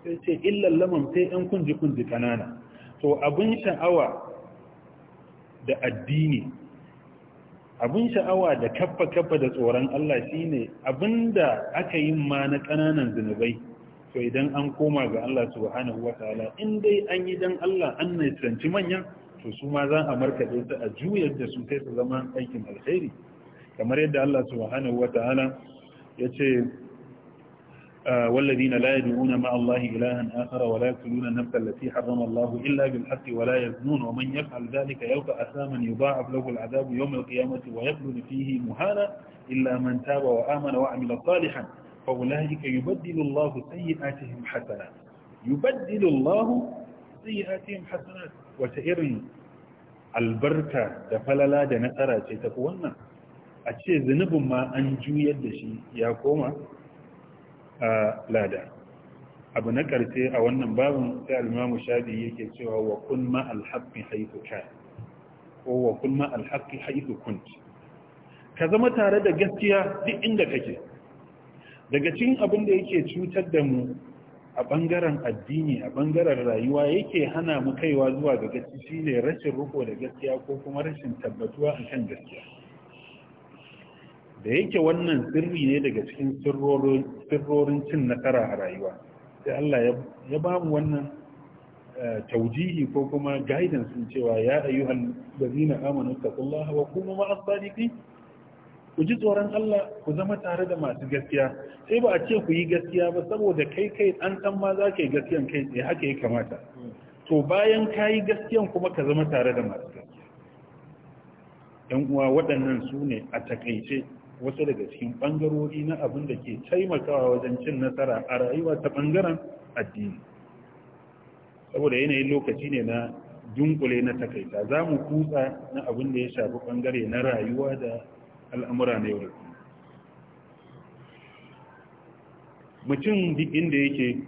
sai ce illa lamam sai ɗan kunji kunji kanana to abin sha'awa da addini abin sha'awa da kaffa kaffa da tsoron Allah shine abinda aka yi ma na kananan zunubai to idan an koma ga Allah subhanahu wataala in dai an yi dan Allah an nisanci manyan to su ma za a markaɗe su a juyar da su kai su zama aikin alkhairi kamar yadda Allah subhanahu wata'ala ya ce والذين لا يدعون مع الله إلها آخر ولا يقتلون النفس التي حرم الله إلا بالحق ولا يزنون ومن يفعل ذلك يلقى أثاما يضاعف له العذاب يوم القيامة ويخلد فيه مهانا إلا من تاب وآمن وعمل صالحا فأولئك يبدل الله سيئاتهم حسنات يبدل الله سيئاتهم حسنات wata irin albarka da falala da nasara ce ta fi wannan a ce zunubin ma an juyar da shi ya koma a lada abu na karfe a wannan babin sai alimamu shafi yake cewa wa kun ma alhaƙi haifu ka ko wa kun ma alhaƙi haifu kunt ka zama tare da gaskiya duk inda kake daga cikin abin da yake cutar da mu a ɓangaren addini a ɓangaren rayuwa yake hana mu kaiwa zuwa ga gaskiya shi ne rashin riko da gaskiya ko kuma rashin tabbatuwa a kan gaskiya da yake wannan sirri ne daga cikin sirrorin cin nasara a rayuwa sai Allah ya ba mu wannan eh, taujihi ko kuma guidance cewa ya ayyuhan lazina amanu taqullaha wa kuma ma'as ku ji tsoron Allah ku zama tare da masu gaskiya sai ba a ce ku yi gaskiya ba saboda kai kai an san ma za ka yi gaskiyan kai tsaye haka ya kamata to bayan ka yi gaskiyan kuma ka zama tare da masu gaskiya yan uwa waɗannan su ne a takaice wasu daga cikin ɓangarori na abin da ke taimakawa wajen cin nasara a rayuwa ta ɓangaren addini saboda yanayin lokaci ne na dunkule na takaita za mu kutsa na abin da ya shafi ɓangare na rayuwa da al'amura na yau da kuma mutum duk inda yake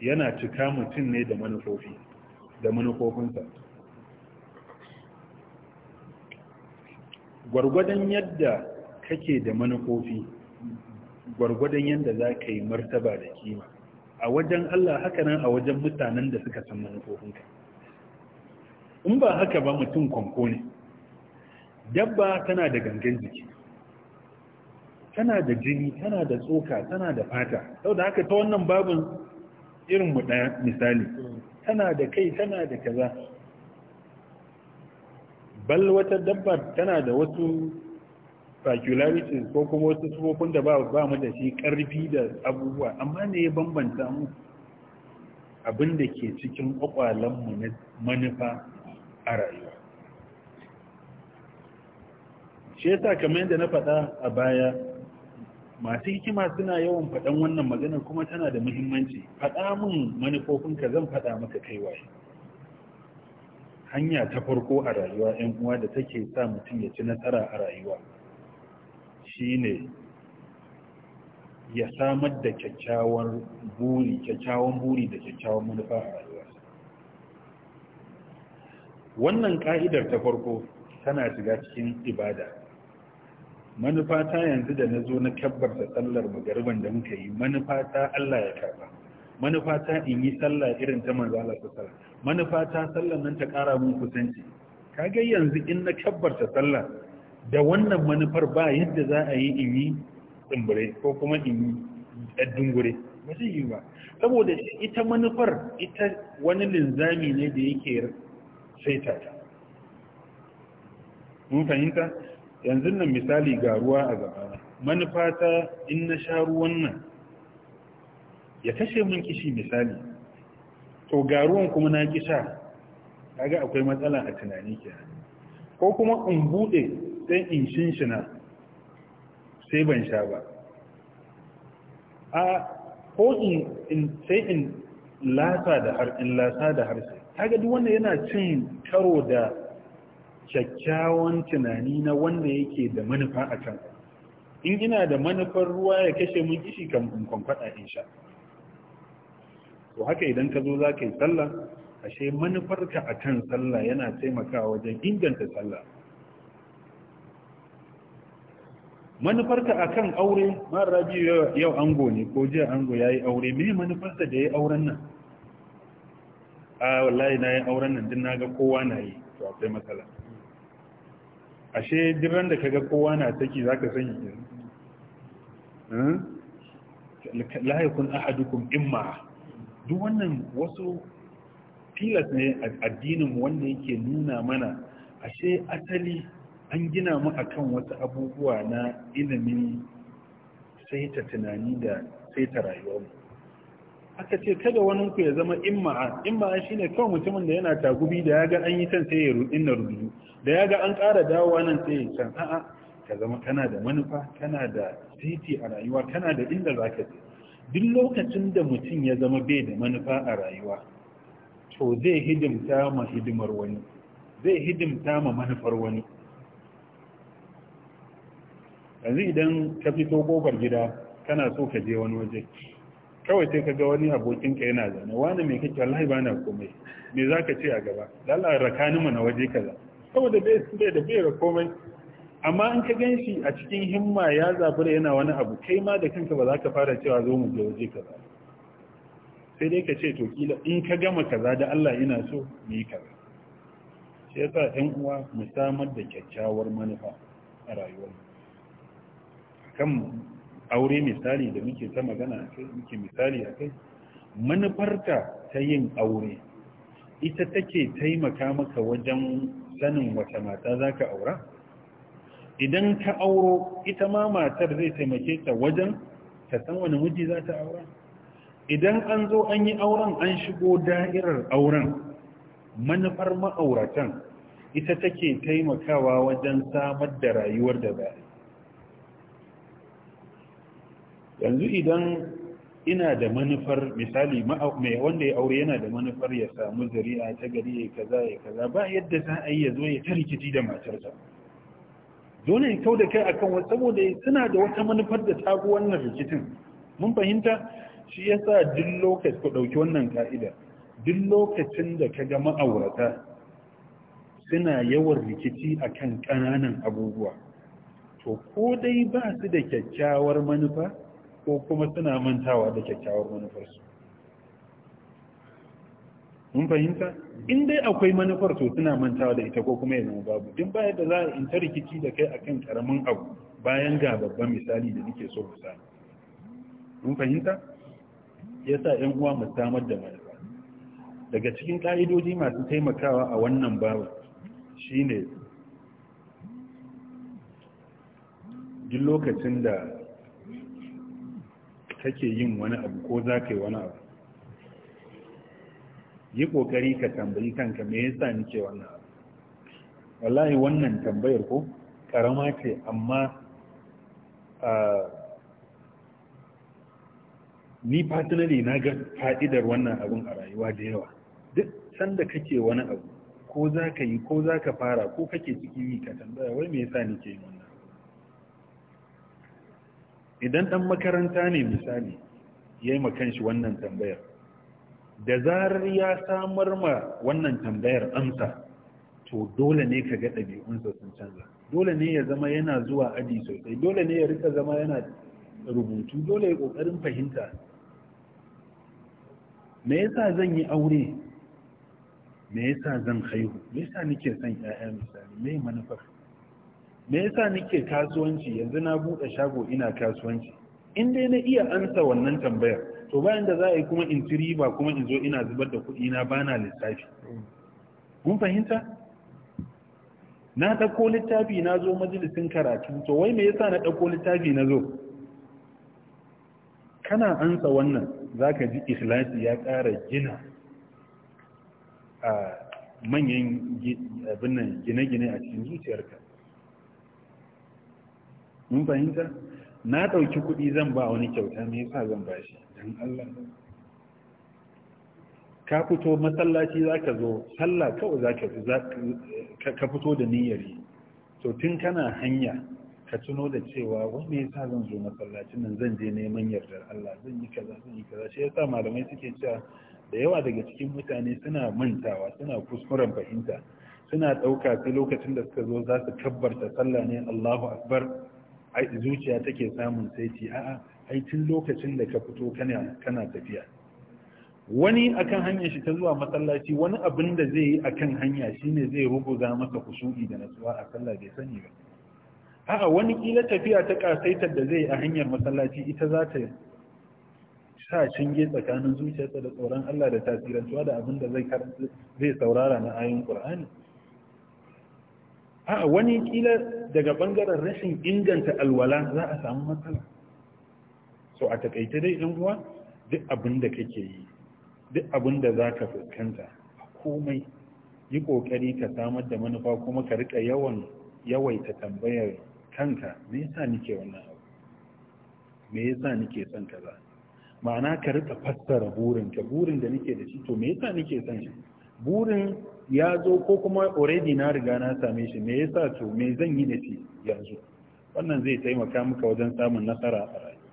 yana cika mutum ne da manufofi da manufofinsa gwargwadon yadda kake da manufofi gwargwadon yadda za ka yi martaba da kima a wajen Allah haka nan a wajen mutanen da suka san manufofinka in ba haka ba mutum kwanko ne dabba tana da gangan jiki tana da jini tana da tsoka tana da fata sau da haka ta wannan babin irin mu ɗaya misali tana da kai tana da kaza bal wata dabba tana da wasu particularities ko kuma wasu sufofin da ba mu da shi ƙarfi da abubuwa amma ne ya bambanta mu abin da ke cikin ƙwaƙwalenmu na manufa a rayuwa shi yasa kamar yadda na faɗa a baya masu hikima suna yawan faɗan wannan maganar kuma tana da muhimmanci faɗa min manufofinka zan faɗa maka kaiwa. hanya ta farko a rayuwa ‘yan uwa da take sa mutum ya ci nasara a rayuwa shi ne ya samar da kyakkyawan buri kyakkyawan buri da kyakkyawan manufa a rayuwa wannan ka'idar ta farko tana shiga cikin ibada Manufata yanzu da na zo na kabbar da sallar magariban da muka yi manufata Allah ya karba manufata in yi sallah irin ta manzo Allah sallallahu alaihi manufa ta nan ta ƙara mun kusanci kaga yanzu in na kabbar ta sallah da wannan manufar ba yadda za a yi in yi tsumbure ko kuma in yi dungure ba zai yi ba saboda ita manufar ita wani linzami ne da yake saita ta mun fahimta yanzu nan misali ga ruwa a gaba manufa ta in na sha ruwan nan ya kashe mun kishi misali to ga ruwan kuma na kisha kaga akwai matsala a tunani kenan ko kuma in bude sai in shinshina sai ban sha ba a ko in sai in lasa da har in lasa da harshe kaga duk wanda yana cin karo da kyakkyawan tunani na wanda yake da manufa a kan in ina da manufar ruwa ya kashe mun kishi kan kwankwada in sha to haka idan ka zo za ka yi sallah ashe manufarka a kan sallah yana taimakawa wajen inganta sallah manufarka a kan aure mara biyu yau ango ne ko jiya ango ya yi aure me manufarsa da ya yi auren nan a ah, wallahi na yi auren nan din na ga kowa na yi to akwai matsala ashe duk da kaga kowa na saki zaka sani hmm? la yakun ahadukum imma duk wannan wasu filas ne addinin wanda yake nuna mana ashe asali an gina mu akan wasu abubuwa na ilimi sai ta tunani da sai ta rayuwar aka ce kada wani ku ya zama imma imma shine kawai mutumin da yana tagubi da ya ga an yi tan sai ya rudin na rubutu da ya ga an ƙara dawowa nan sai ya can a'a ka zama kana da manufa kana da titi a rayuwa kana da inda za ka duk lokacin da mutum ya zama bai da manufa a rayuwa to zai hidimta ma hidimar wani zai hidimta ma manufar wani yanzu idan ka fito kofar gida kana so ka je wani waje kawai sai ka ga wani abokinka yana zane wani mai kake wallahi ba na komai me za ka ce a gaba lalata rakaninmu na waje kaza saboda bai su da bai komai amma in ka gan shi a cikin himma ya zafi da yana wani abu kai ma da kanka ba za ka fara cewa zo mu je waje kaza sai dai ka ce to kila in ka gama kaza da Allah ina so mu yi kaza shi yasa ɗan uwa mu samar da kyakkyawar manufa a rayuwar kan aure misali da muke ta magana a kai muke misali a kai manufarka ta yin aure ita take taimaka maka wajen sanin wace mata za ka aura idan ka auro ita ma matar zai taimake ta wajen ta san wani miji za ta aura idan an zo an yi auren an shigo da'irar auren manufar ma'auratan ita take taimakawa wajen samar da rayuwar da za yanzu idan ina da manufar misali mai wanda ya aure yana da manufar ya samu zari'a, ta gari ya kaza ya kaza ba yadda za a yi ya zo ya ta rikici da matarsa dole ya kau da kai akan wasu saboda suna da wata manufar da ta wannan rikicin mun fahimta shi yasa duk lokacin ku dauki wannan ka'ida duk lokacin da ka ga ma'aurata suna yawan rikici akan ƙananan abubuwa to ko dai ba su da kyakkyawar manufa ko kuma suna mantawa da kyakkyawar manufarsu mun fahimta in dai akwai manufar to suna mantawa da ita ko kuma ya babu duk bayan da za a in rikici da kai akan karamin abu bayan ga babban misali da nake so misali mun fahimta yasa yan uwa mu samar da manufa daga cikin ka'idoji masu taimakawa a wannan babu shine duk lokacin da kake yin wani abu ko za ka yi wani abu yi ƙoƙari ka tambayi kanka me yasa nike wannan abu wallahi wannan tambayar ko karama ce amma ni personally na ga fa'idar wannan abun a rayuwa da yawa duk sanda kake wani abu ko za ka yi ko za ka fara ko kake ciki yi ka tambaya wai me yasa nike yin wani idan ɗan makaranta ne misali ya yi makanshi wannan tambayar da zarar ya samar ma wannan tambayar amsa to dole ne ka ga ɗabi'unsa sun canza dole ne ya zama yana zuwa aji sosai dole ne ya rika zama yana rubutu dole ya ƙoƙarin fahimta me yasa zan yi aure me yasa zan haihu me yasa nake son 'ya'ya misali me manufar me yasa nake kasuwanci yanzu na buɗe shago ina kasuwanci in dai na iya ansa wannan tambayar to bayan da za a yi kuma in ci riba kuma in zo ina zubar da kuɗi na bana lissafi mun fahimta na ɗauko littafi na zo majalisin karatu to wai me yasa na ɗauko littafi na zo kana ansa wannan za ka ji ikhlasi ya ƙara gina a manyan gine-gine a cikin zuciyarka mun fahimta na ɗauki kuɗi zan ba wani kyauta me yasa zan ba shi don Allah ka fito masallaci za ka zo sallah kawai za ka ka fito da niyyar to tun kana hanya ka tuno da cewa wani yasa zan zo masallaci nan zan je neman yardar Allah zan yi kaza zan yi kaza shi yasa malamai suke cewa da yawa daga cikin mutane suna mantawa suna kuskuren fahimta suna ɗauka sai lokacin da suka zo za su kabbarta sallah ne Allahu akbar zuciya take samun saiti a'a ai tun lokacin da ka fito kana tafiya wani akan hanyar shi ta zuwa masallaci wani abin da zai yi akan hanya shine zai ruguza masa kusuri da natsuwa a sallah bai sani ba a'a wani kila tafiya ta kasaitar da zai a hanyar masallaci ita za ta sa shinge tsakanin zuciyarsa da tsoron Allah da tasirantuwa da abin da zai saurara na ayin Qur'ani a wani kila daga bangaren rashin inganta alwala za a samu matsala so a takaita dai ɗan uwa duk abin da kake yi duk abin da za ka fuskanta a komai yi ƙoƙari ka samar da manufa kuma ka riƙa yawan yawaita tambayar kanka me yasa nike wannan abu me yasa nike son kaza ma'ana ka rika fassara burin ka burin da nike da shi to me yasa nike son shi burin ya zo ko kuma already na riga na same shi me yasa to me zan yi da shi yanzu wannan zai taimaka maka wajen samun nasara a rayuwa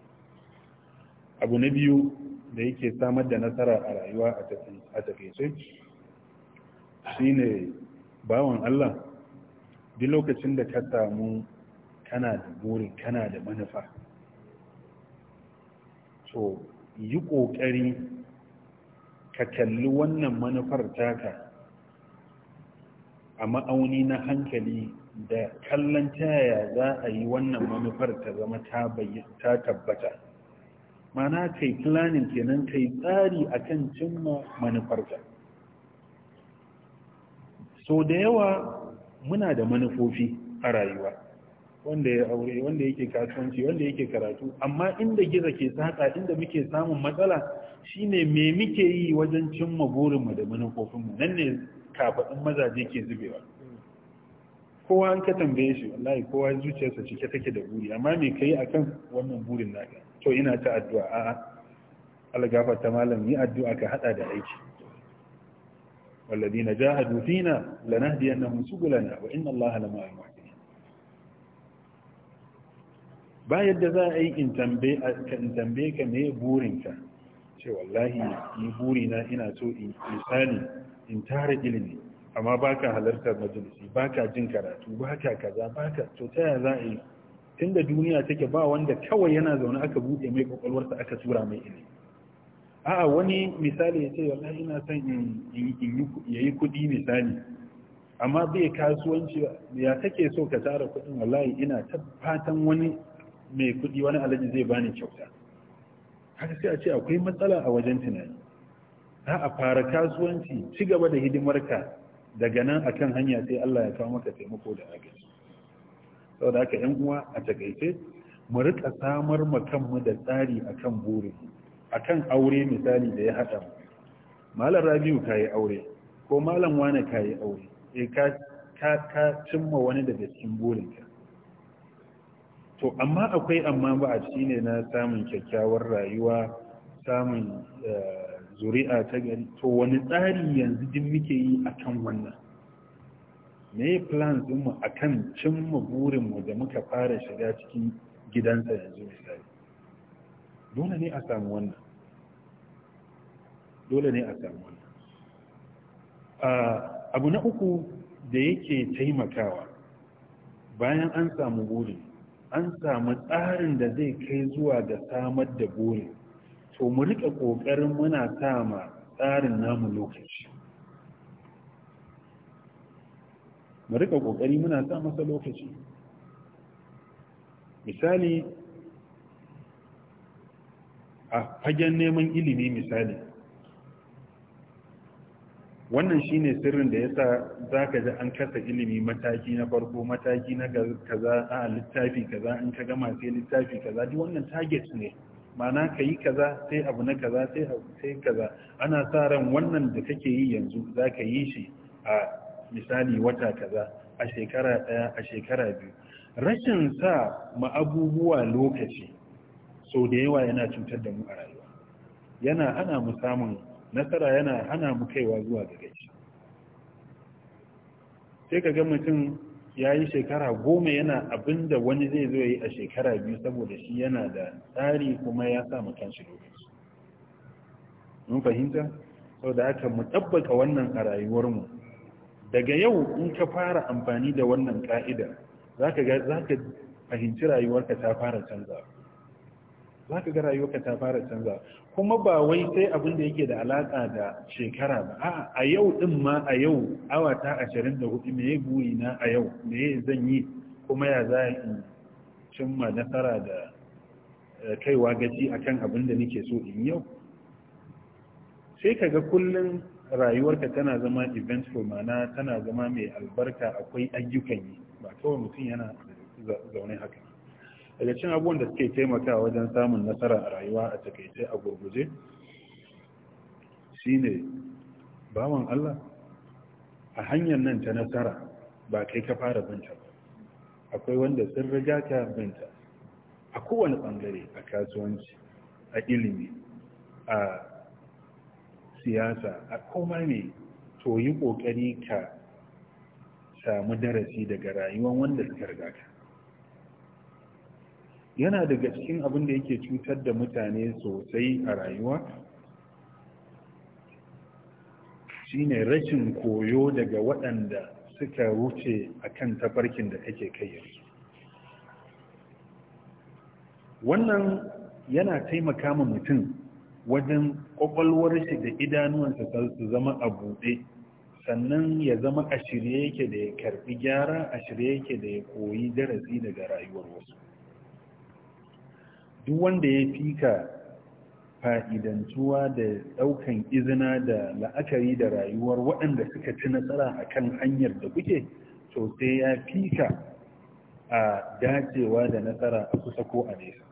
abu na biyu da yake samar da nasara a rayuwa a takaice shine bawan Allah duk lokacin da ka samu kana da burin kana da manufa to yi ƙoƙari ka kalli wannan manufar taka a ma'auni na hankali da kallon taya za a yi wannan manufar ta zama ta tabbata mana kai planning kenan kai tsari a kan cimma manufarta so da yawa muna da manufofi a rayuwa wanda ya aure wanda yake kasuwanci wanda yake karatu amma inda gizo ke saka inda muke samun matsala shine me muke yi wajen cimma burinmu da manufofinmu nan ne kafaɗin mazaje ke zubewa kowa an ka tambaye shi wallahi kowa zuciyarsa cike take da buri amma me kai akan wannan burin naka to ina ta addu'a a algafa ta malam yi addu'a ka hada da aiki والذين جاهدوا subulana wa inna allaha lama al-muhtadin ba yadda za a yi in tambaye ka me ka. ce wallahi ni na ina so in misali in tara ilimi amma baka halartar majalisi baka jin karatu baka kaza baka to ta za a tunda duniya take ba wanda kawai yana zaune aka buɗe mai kwakwalwarsa aka tura mai ilimi a'a wani misali ya ce wallahi ina son in yi kuɗi misali amma bai kasuwanci ya take so ka tara kuɗin wallahi ina ta fatan wani mai kuɗi wani alaji zai bani kyauta haka sai a ce akwai matsala a wajen tunani a fara kasuwanci ci gaba da hidimarka daga nan akan hanya sai Allah ya kawo maka taimako da agaji saboda haka yan uwa a takaice mu rika samar ma kanmu da tsari a akan burin kan aure misali da ya haɗa. mu malam rabiu ka yi aure ko malam wane yi aure eh ka ka cimma wani daga cikin burinka to amma akwai amma ba a ne na samun kyakkyawar rayuwa samun eh, zuri'a ta gari to wani tsari yanzu din muke yi a kan wannan me plans mu a kan cimma burinmu da muka fara shiga cikin gidansa yanzu misali dole ne a samu wannan dole ne a samu wannan ah, abu na uku da yake taimakawa bayan an samu burin an samu tsarin da zai kai zuwa ga samar da burin to mu riƙa ƙoƙarin muna sama tsarin namu lokaci mu riƙa ƙoƙari muna sa masa lokaci misali a fagen neman ilimi misali wannan shine sirrin da yasa zaka ji an kasa ilimi mataki na farko mataki na kaza a littafi kaza in ka gama sai littafi kaza duk wannan target ne ma'ana kayi kaza sai abu na kaza sai sai kaza ana sa ran wannan da kake yi yanzu zaka yi shi a misali wata kaza a shekara daya a shekara biyu rashin sa ma abubuwa lokaci sau da yawa yana cutar da mu a rayuwa yana ana mu samun nasara yana hana mu kaiwa zuwa ga gaci sai ka ga mutum ya yi shekara goma yana abin da wani zai zo yi a shekara biyu saboda shi yana da tsari kuma ya sa mu shi lokaci mun fahimta sau da aka mu tabbata wannan a rayuwarmu daga yau in ka fara amfani da wannan ka'ida za ka fahimci rayuwarka ta fara canzawa za ka ga rayuwarka ta fara canza kuma ba wai sai abin da yake da alaƙa da shekara ba a a yau din ma a yau awa ta 24 me yayi buyi na a yau me yayi zan yi kuma ya za in cimma nasara da eh, kaiwa gaci akan abin da nake so in yau sai ka ga kullum rayuwarka tana zama eventful mana tana zama mai albarka akwai ayyukan yi ba kawai mutum yana zaune haka daga cin abubuwan da suke taimakawa wajen samun nasara a rayuwa a takaice a gurguje shine bawan Allah a hanyar nan ta nasara ba kai ka fara binta ba akwai wanda sun riga ka binta a kowane bangare a kasuwanci a ilimi a siyasa a koma ne to yi kokari ka samu darasi daga rayuwar wanda suka riga ka yana daga cikin abin da yake cutar da mutane sosai a rayuwa shine rashin koyo daga waɗanda suka wuce kan tafarkin da kake kai yanzu wannan yana taimaka ma mutum wajen ƙwaƙwalwar shi da idanuwansa su zama a buɗe sannan ya zama a shirye yake da ya karɓi gyara a shirye yake da ya koyi darasi daga rayuwar wasu duk wanda ya fika fa'idantuwa da ɗaukan izina da la'akari da rayuwar waɗanda suka ci nasara a kan hanyar da kuke to sai ya fika a dacewa da nasara a kusa ko a nesa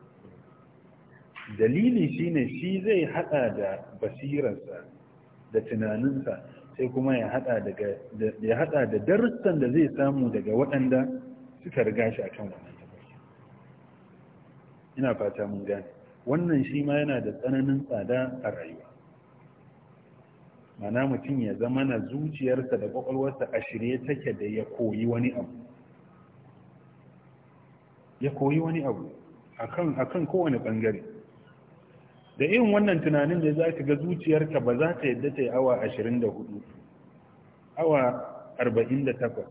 dalili shine shi zai hada da basirarsa da tunaninsa sai kuma ya hada da darussan da zai samu daga waɗanda suka riga shi a kan wannan ina fata mun gane wannan shi ma yana da tsananin tsada a rayuwa mana mutum ya zama na zuciyarsa da kwakwalwarsa a shirye take da ya koyi wani abu ya koyi wani abu akan kowane bangare da irin wannan tunanin da za ka ga zuciyarka ba za ta yadda ta yi awa 24 awa 48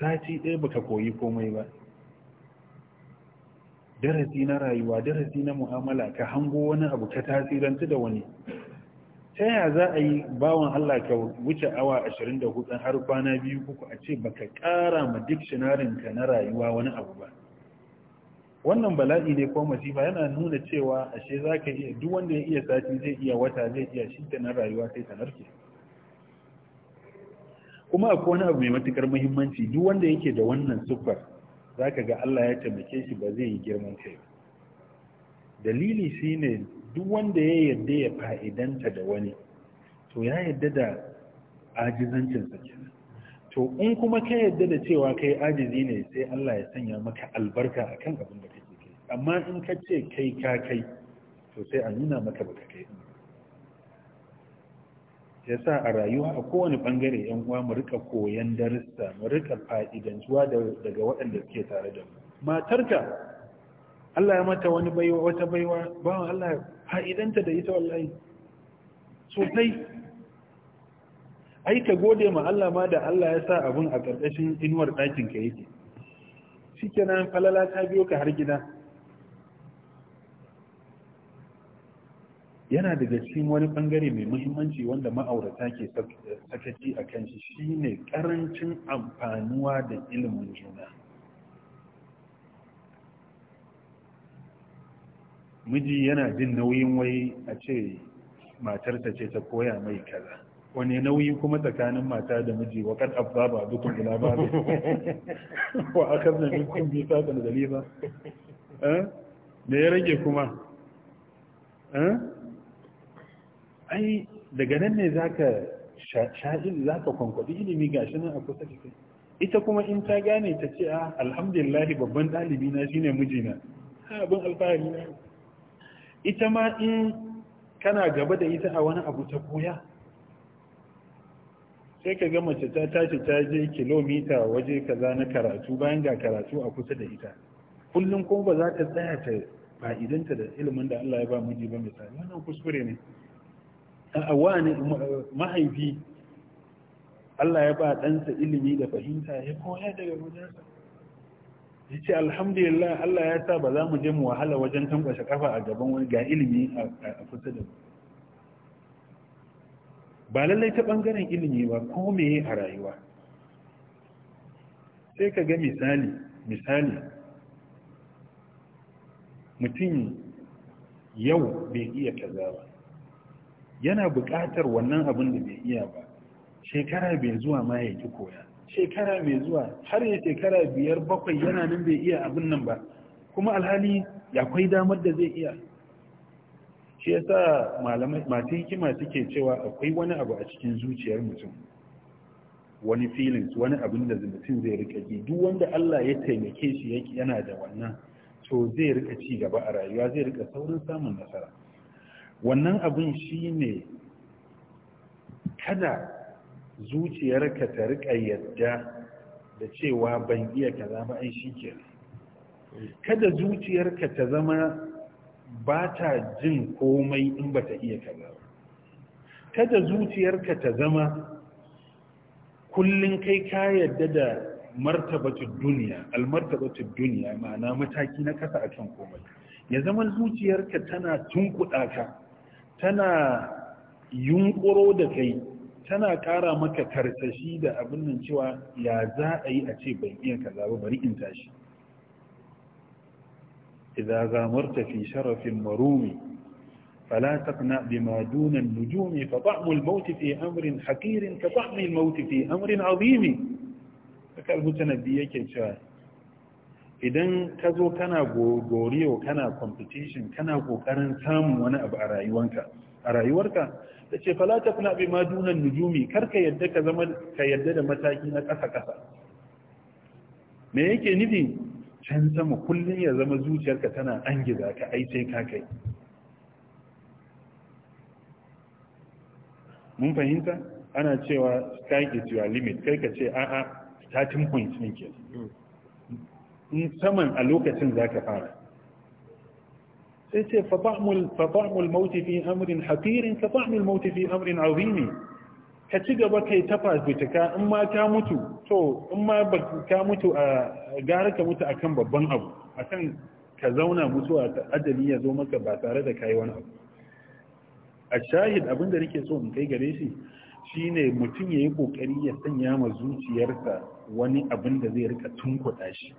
sati ɗaya baka koyi komai ba darasi na rayuwa darasi na mu'amala ka hango wani abu ka tasirantu da wani ta yaya za a yi bawon Allah ka wuce awa 24 har kwana biyu kuku a ce baka ƙara ma dictionarin ka na rayuwa wani abu ba wannan bala'i ne ko masifa yana nuna cewa ashe za ka iya duk wanda ya iya sati zai iya wata zai iya shi ta na rayuwa sai ta narke kuma akwai wani abu mai matukar muhimmanci duk wanda yake da wannan siffar za ka ga Allah ya taimake shi ba zai yi girman kai ba? dalili shine duk wanda ya yadda ya fa'idanta da wani to ya yadda da ajizancinsa kenan to in kuma ka yadda da cewa kai ajizi ne sai Allah ya sanya maka albarka akan abin da kake kai amma in ka ce kai ka kai to sai a nuna maka baka kai ya sa a rayuwa a kowane ɓangare yan uwa mu rika koyan darussa mu rika fa'idantuwa daga waɗanda suke tare da mu matarka Allah ya mata wani baiwa wata baiwa bawan Allah fa'idanta da ita wallahi sosai ai ka gode ma Allah ma da Allah ya sa abun a ƙarƙashin inuwar ɗakin ka yake shikenan falala ta biyo ka har gida yana da cikin wani bangare mai muhimmanci wanda ma'aurata ke sakaci a kan shi shine karancin amfanuwa da ilimin juna miji yana jin nauyin wai a ce matarsa ce ta koya mai kaza wani nauyi kuma tsakanin mata da miji wa kad abba ba dukun [LAUGHS] ba wa akar da dukun bi sa da dalila eh me ya rage kuma eh ai daga nan ne za ka sha'il za ka kwankwaɗi ilimi ga nan a kusa da kai ita kuma in ta gane ta ce a ah, alhamdulillah babban ɗalibi na shine mijina ha abin alfahari na ita ma in kana gaba da ita a wani abu ta koya sai ka ga mace ta tashi ta je kilomita waje kaza na karatu bayan ga karatu a kusa da ita kullum ko ba za ta tsaya ta fa'idanta da ilimin da Allah ya ba miji ba misali wannan kuskure ne wani mahaifi Allah ya ba ɗansa ilimi da fahimta ya koya daga wajensa ya ce alhamdulillah Allah ya sa ba za mu je mu wahala wajen tankwashe kafa a gaban wani ga ilimi a kusa da ba lallai ta ɓangaren ilimi ba ko meye a rayuwa sai ka ga misali misali mutum yau bai iya kaza ba yana buƙatar wannan abin da bai iya ba shekara bai zuwa ma ya ki koya shekara mai zuwa har ya shekara biyar bakwai yana nan bai iya abin nan ba kuma alhali akwai damar da zai iya shi yasa masu hikima suke cewa akwai wani abu a cikin zuciyar mutum wani feelings wani abin da mutum zai rika ji duk wanda Allah ya taimake shi yana da wannan to zai rika ci gaba a rayuwa zai rika saurin samun nasara wannan abin shi ne kada zuciyarka ta rika yadda da cewa ban iya kaza ba an shi ke kada zuciyarka ta zama ba ta jin komai in ba ta iya kaza ba kada zuciyarka ta zama kullum kai ka yadda da martabatun duniya almartabatun duniya ma'ana mataki na kasa kan komai ya zama zuciyarka tana tunkuɗa ka tana yunƙuro da kai tana ƙara maka karsashi da abin nan cewa ya za a yi a ce ban iya kaza ba bari in tashi idza zamarta fi sharafin marumi fala taqna bima duna an-nujum fa ta'mu al-maut fi amrin haqirin ka ta'mu al-maut fi amrin 'azim kaka al-mutanabbi yake cewa idan ka zo kana goriyo kana competition kana kokarin samun wani abu a rayuwanka a rayuwarka ta ce ta fina bi ma dunan nujumi kar ka yadda ka zama ka yadda da mataki na ƙasa ƙasa me yake nufi can sama kullum ya zama zuciyarka tana angiza ka ai sai ka kai mun fahimta ana cewa sky is your limit kai ka ce a'a starting point ne kenan hmm. in a lokacin za ka fara sai ce fata'amul mauti fi amurin hafirin fata'amul mauti fi amrin ne. ka ci gaba kai ta fasbitika in ma ka mutu to in ma ka mutu a gara ka mutu akan babban abu a kan ka zauna mutuwa ajali ya zo maka ba tare da kayi wani abu a shahid abin da nake so in kai gare shi shine mutum ya yi kokari ya sanya ma zuciyarsa wani abin da zai rika tunkuɗa shi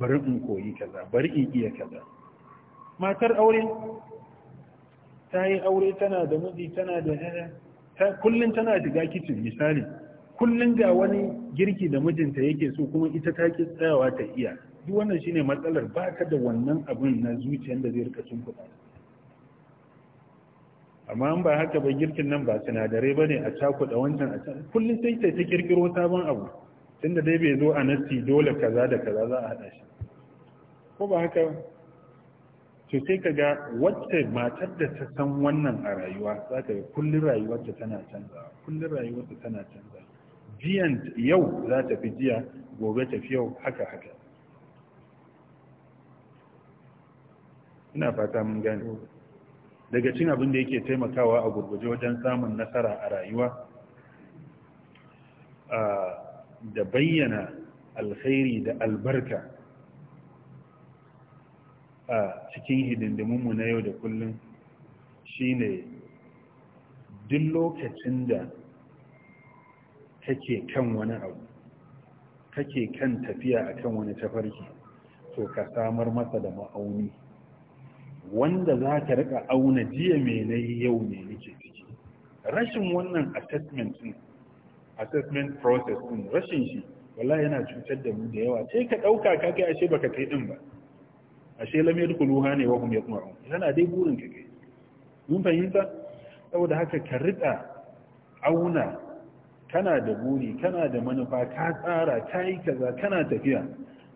bari in koyi kaza bari in iya kaza matar aure ta yi aure tana da miji tana da ta kullun tana shiga kitchen misali kullun ga wani girki da mijinta yake so kuma ita ta ki tsayawa ta iya duk wannan shine matsalar baka da wannan abin na zuciyar da zai rika cin kuɗa amma ba haka ba girkin nan ba sinadarai ba ne a cakuɗa wancan a can kullum sai ta kirkiro sabon abu tunda dai bai zo a nasti dole kaza da kaza za a haɗa shi ko ba haka to sai ka ga wacce matar da ta san wannan a rayuwa za ka ga kullum rayuwarta tana canzawa kullum rayuwarta tana canza. jiyan yau za ta fi jiya gobe ta fi yau haka haka ina fata mun gane daga cin abin da yake taimakawa a gurguje wajen samun nasara a rayuwa da bayyana alkhairi da albarka a cikin hidindimunmu na yau da kullum shine duk lokacin da kake kan wani abu kake kan tafiya akan wani tafarki to ka samar masa da ma'auni wanda za ka riƙa auna jiya mai na yau ne nake ciki rashin wannan assessment din assessment process din rashin shi wallahi yana cutar da mu da yawa sai ka dauka ka kai ashe baka kai din ba ashe lam yadkhuluha hani wa hum yatma'un yana dai burin ka kai mun fahimta saboda haka ka rika auna kana da buri kana da manufa ka tsara ka yi kaza kana tafiya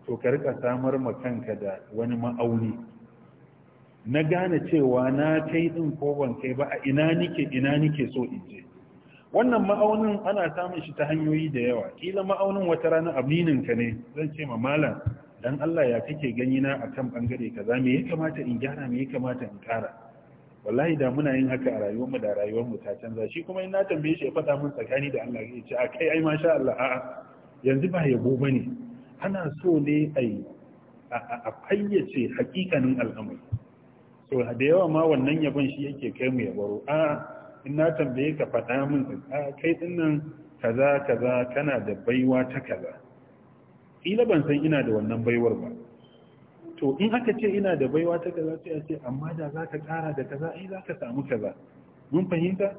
to ka rika samar ma kanka da wani ma'auni na gane cewa na kai din ko ban kai ba a ina nike ina nike so in je wannan ma'aunin ana samun shi ta hanyoyi da yawa kila ma'aunin wata rana abininka ka ne zan ce ma malam dan Allah ya kake gani na akan bangare kaza me ya kamata in gyara me ya kamata in kara wallahi da muna yin haka a rayuwar mu da rayuwar mu ta canza shi kuma in na tambaye shi ya faɗa min tsakani da Allah ya ce akai ai masha Allah a'a yanzu ba yabo bane ana so ne ai a fayyace hakikanin al'amari so da yawa ma wannan yabon shi yake kai mu ya baro a'a in na tambaye ka faɗa min a kai din nan kaza kaza kana da baiwa ta kaza kila ban san ina da wannan baiwar ba to in aka ce ina da baiwa ta kaza sai a ce amma da za ka ƙara da kaza ai za ka samu kaza mun fahimta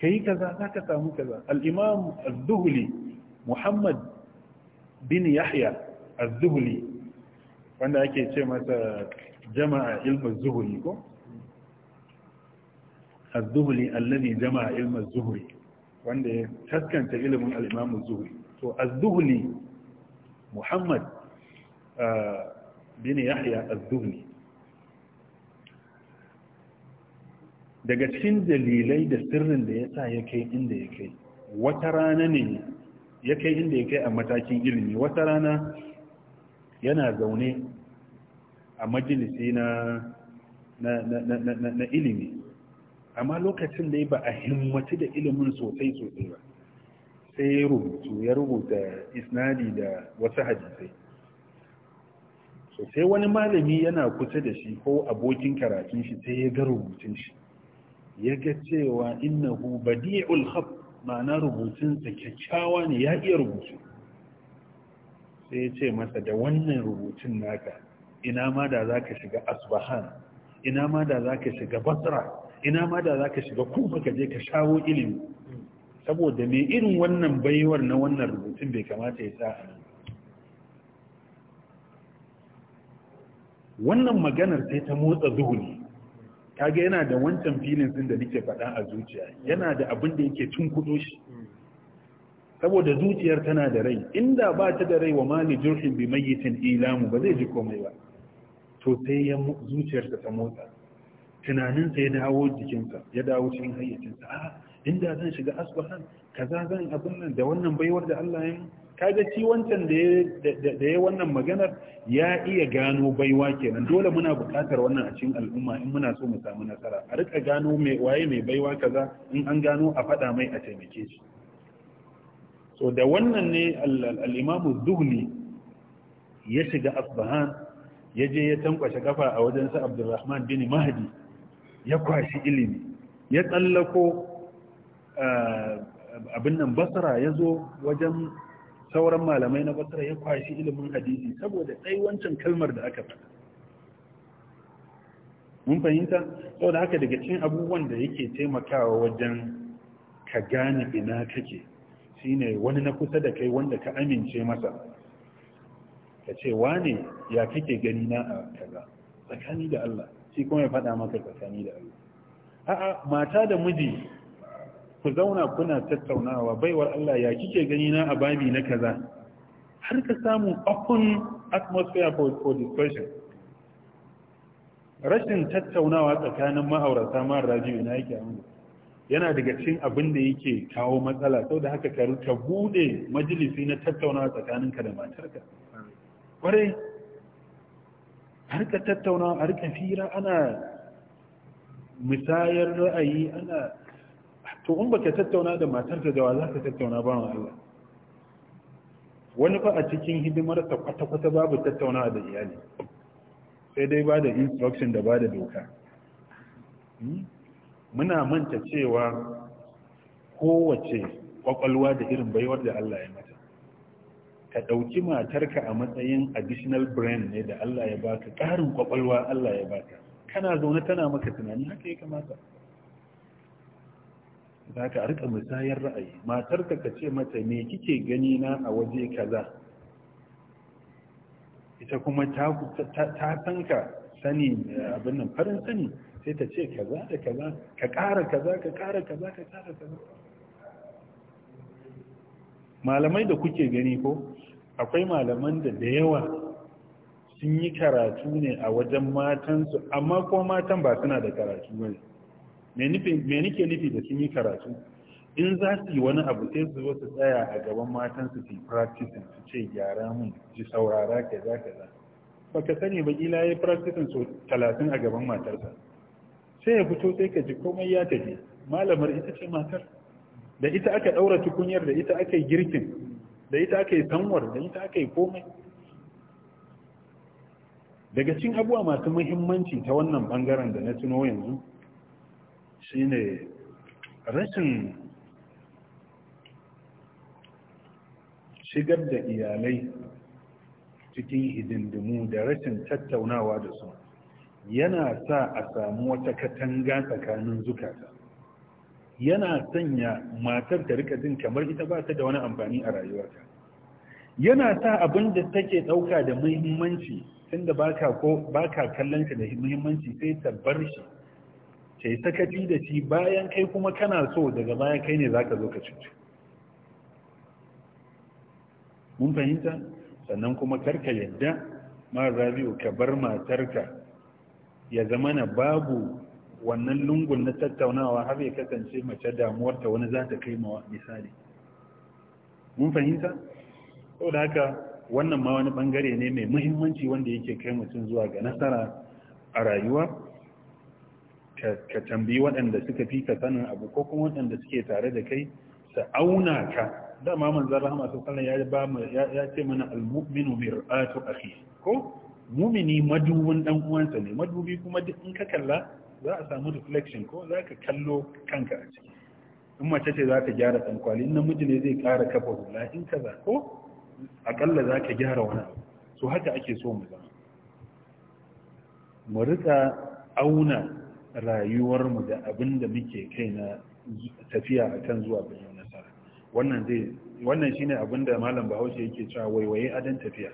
ka yi kaza za ka samu kaza al'imam al-zuhuli muhammad bin yahya al-zuhuli wanda ake ce masa jama'a ilmin zuhuli ko az-zuhli allazi jama'a ilm az-zuhri wanda ya taskanta ilimin al-imam az-zuhri to az-zuhli muhammad ah, bin yahya az-zuhli daga cikin dalilai da sirrin da ya sa ya kai inda ya kai wata rana ne ya kai inda ya kai a matakin ilimi wata rana yana zaune a majalisi na ilimi amma lokacin da ba a himmatu da ilimin sosai sosai ba sai ya rubutu ya rubuta isnadi da wasu hadisai Sosai wani malami yana kusa da shi ko abokin karatun shi sai ya ga rubutun shi ya ga cewa innahu badi'ul khab ma'ana rubutun sa kyakkyawa ne ya iya rubutu sai ya ce masa da wannan rubutun naka ina ma da zaka shiga asbahan ina ma da zaka shiga basra ina ma da za ka shiga kuma ka je ka shawo ilimi saboda mai irin wannan baiwar na wannan rubutun bai kamata ya sa wannan maganar sai ta motsa zuhuni kaga yana da wancan filin din da nake faɗa a zuciya yana da abin da yake kudo shi saboda zuciyar tana da rai inda ba ta da rai wa mali jurhin bi mayyitin ilamu ba zai ji komai ba to sai ya zuciyarsa ta motsa tunaninsa ya dawo jikinsa ya dawo cikin hayyacinsa a inda zan shiga asbahan kaza zan abin nan da wannan baiwar da Allah ya kaga ci wancan da ya wannan maganar ya iya gano baiwa kenan dole muna buƙatar wannan a cikin al'umma in muna so mu samu nasara a rika gano mai waye mai baiwa kaza in an gano a faɗa mai a taimake shi so da wannan ne al-imamu zuhli ya shiga asbahan ya je ya tankwashe kafa a wajen sa abdurrahman bin mahdi ya kwashi ilimi ya tsallako eh, abin nan basara ya zo wajen sauran malamai na basara ya kwashi ilimin hadisi saboda ɗai wancan kalmar da aka faɗa mun fahimta saboda haka daga cikin abubuwan da yake taimakawa wajen ka gane ina kake shine wani na kusa da kai wanda ka amince masa ka ce wane ya kake gani na a kaza tsakani da Allah shi kuma ya faɗa maka tsakani da Allah a'a mata da miji ku zauna kuna tattaunawa baiwar Allah ya kike gani na a babi na kaza har ka samu open atmosphere for, discussion rashin tattaunawa tsakanin ma'aurata mara rajiyo na yake amma yana daga cikin abin da yake kawo matsala sau da haka ka ta bude majalisi na tattaunawa tsakaninka da matarka kwarai a tattauna harka fira ana misayar ra'ayi ana to in baka tattauna da matarka da wa za ka tattauna ba Allah wani fa a cikin hidimar ta kwata-kwata babu tattauna da iyali sai dai ba da instruction da ba da doka hmm? muna manta cewa kowace kwakwalwa da irin baiwar da Allah ya mata ka ɗauki matarka a matsayin additional brand ne da Allah ya baka ƙarin kwakwalwa Allah ya baka kana zaune tana maka tunani haka ya kamata za ka rika musayar ra'ayi matarka ka ce mata me kike gani na a waje kaza ita kuma ta san ka sani abin nan farin sani sai ta ce kaza da kaza ka ƙara kaza ka ƙara kaza ka ƙara kaza malamai da kuke gani ko akwai malaman da da yawa sun yi karatu ne a wajen matansu amma ko matan ba suna da karatu ba ne me nike nufi da sun yi karatu in za su yi wani abu sai su zo su tsaya a gaban matansu su yi practicing su ce gyara mun ji saurara ka za ba ka sani ba ila ya practicing so talatin a gaban matarsa sai ya fito sai ka ji komai ya tafi malamar ita ce matar da ita aka ɗaura tukunyar da ita aka yi girkin da ita tanwar da ita komai daga cikin abuwa masu muhimmanci ta wannan bangaren da na tuno yanzu shine rashin shigar da iyalai cikin hidindimu da rashin tattaunawa da su yana sa a samu wata katanga tsakanin zukata yana sanya matar ta rika jin kamar ita ba ta da wani amfani a rayuwarta yana sa abin da take ɗauka da muhimmanci tunda baka ko baka kallon ka da muhimmanci sai ta bar shi sai sakaci da shi bayan kai kuma kana so daga baya kai ne zaka zo ka cuce mun fahimta sannan kuma karka yadda ma rabiu ka bar matarka ya zama na babu wannan lungun na tattaunawa har ya kasance mace damuwarta wani za ta kai ma misali mun fahimta? sau da haka wannan ma wani bangare ne mai muhimmanci wanda yake kai mutum zuwa ga nasara a rayuwa ka tambayi waɗanda suka fi ka sanin abu ko kuma waɗanda suke tare da kai su auna ka Da dama manzan rahama su kallon ya ba mu ya ce mana almu'minu mir'atu akhi ko mumini madubin dan uwansa ne madubi kuma duk in ka kalla za a samu reflection ko za ka kallo kanka a ciki in mace ce za ka gyara tsankwali in namiji ne zai kara kafa hula in ka za ko akalla za ka gyara wani abu so haka ake so mu zama mu rika auna rayuwarmu da abin da muke kai na tafiya a kan zuwa bayan nasara wannan zai wannan shine abin da malam bahaushe yake cewa waiwaye adan tafiya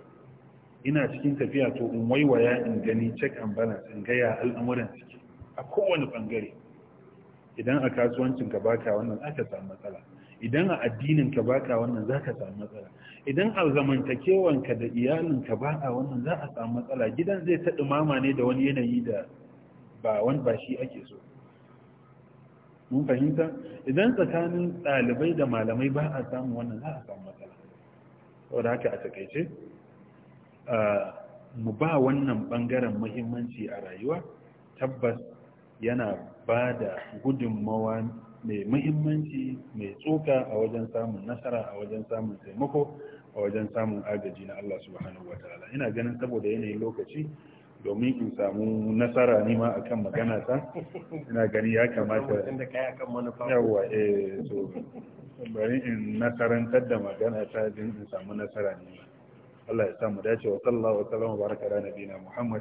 ina cikin tafiya to in waiwaya in gani check and balance in gaya al'amuran ciki a kowane bangare idan a kasuwancin ka baka wannan zaka samu matsala idan a addinin ka baka wannan zaka samu matsala idan a zamantakewan ka da iyalin ka ba a wannan za a samu matsala gidan zai ta dumama ne da wani yanayi da ba wani ba shi ake so mun fahimta idan tsakanin ɗalibai da malamai ba a samu wannan za a samu matsala saboda haka a takaice ah, mu ba wannan bangaren muhimmanci a rayuwa tabbas yana ba da gudunmawa mai muhimmanci mai tsoka a wajen samun nasara a wajen samun taimako a wajen samun agaji na Allah subhanahu wa ta'ala ina ganin saboda yanayin lokaci domin in samu nasara nima ma akan magana ta ina gani ya kamata yawa eh so bari in nasarantar da magana ta din in samu nasara nima Allah ya samu dace wa sallallahu wa sallam baraka da nabina Muhammad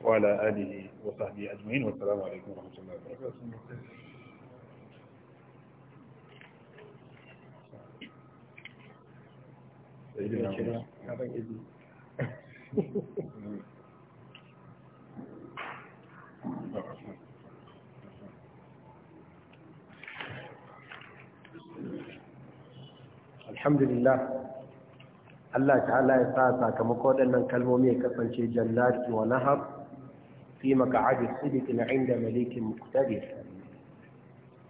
وعلى آله وصحبه أجمعين والسلام عليكم ورحمة الله وبركاته الحمد لله الله تعالى يسعى سعى كما قد أن نكلمه مئة كفن شيء ونهر fi maka'adi sidikin inda malikin muktadir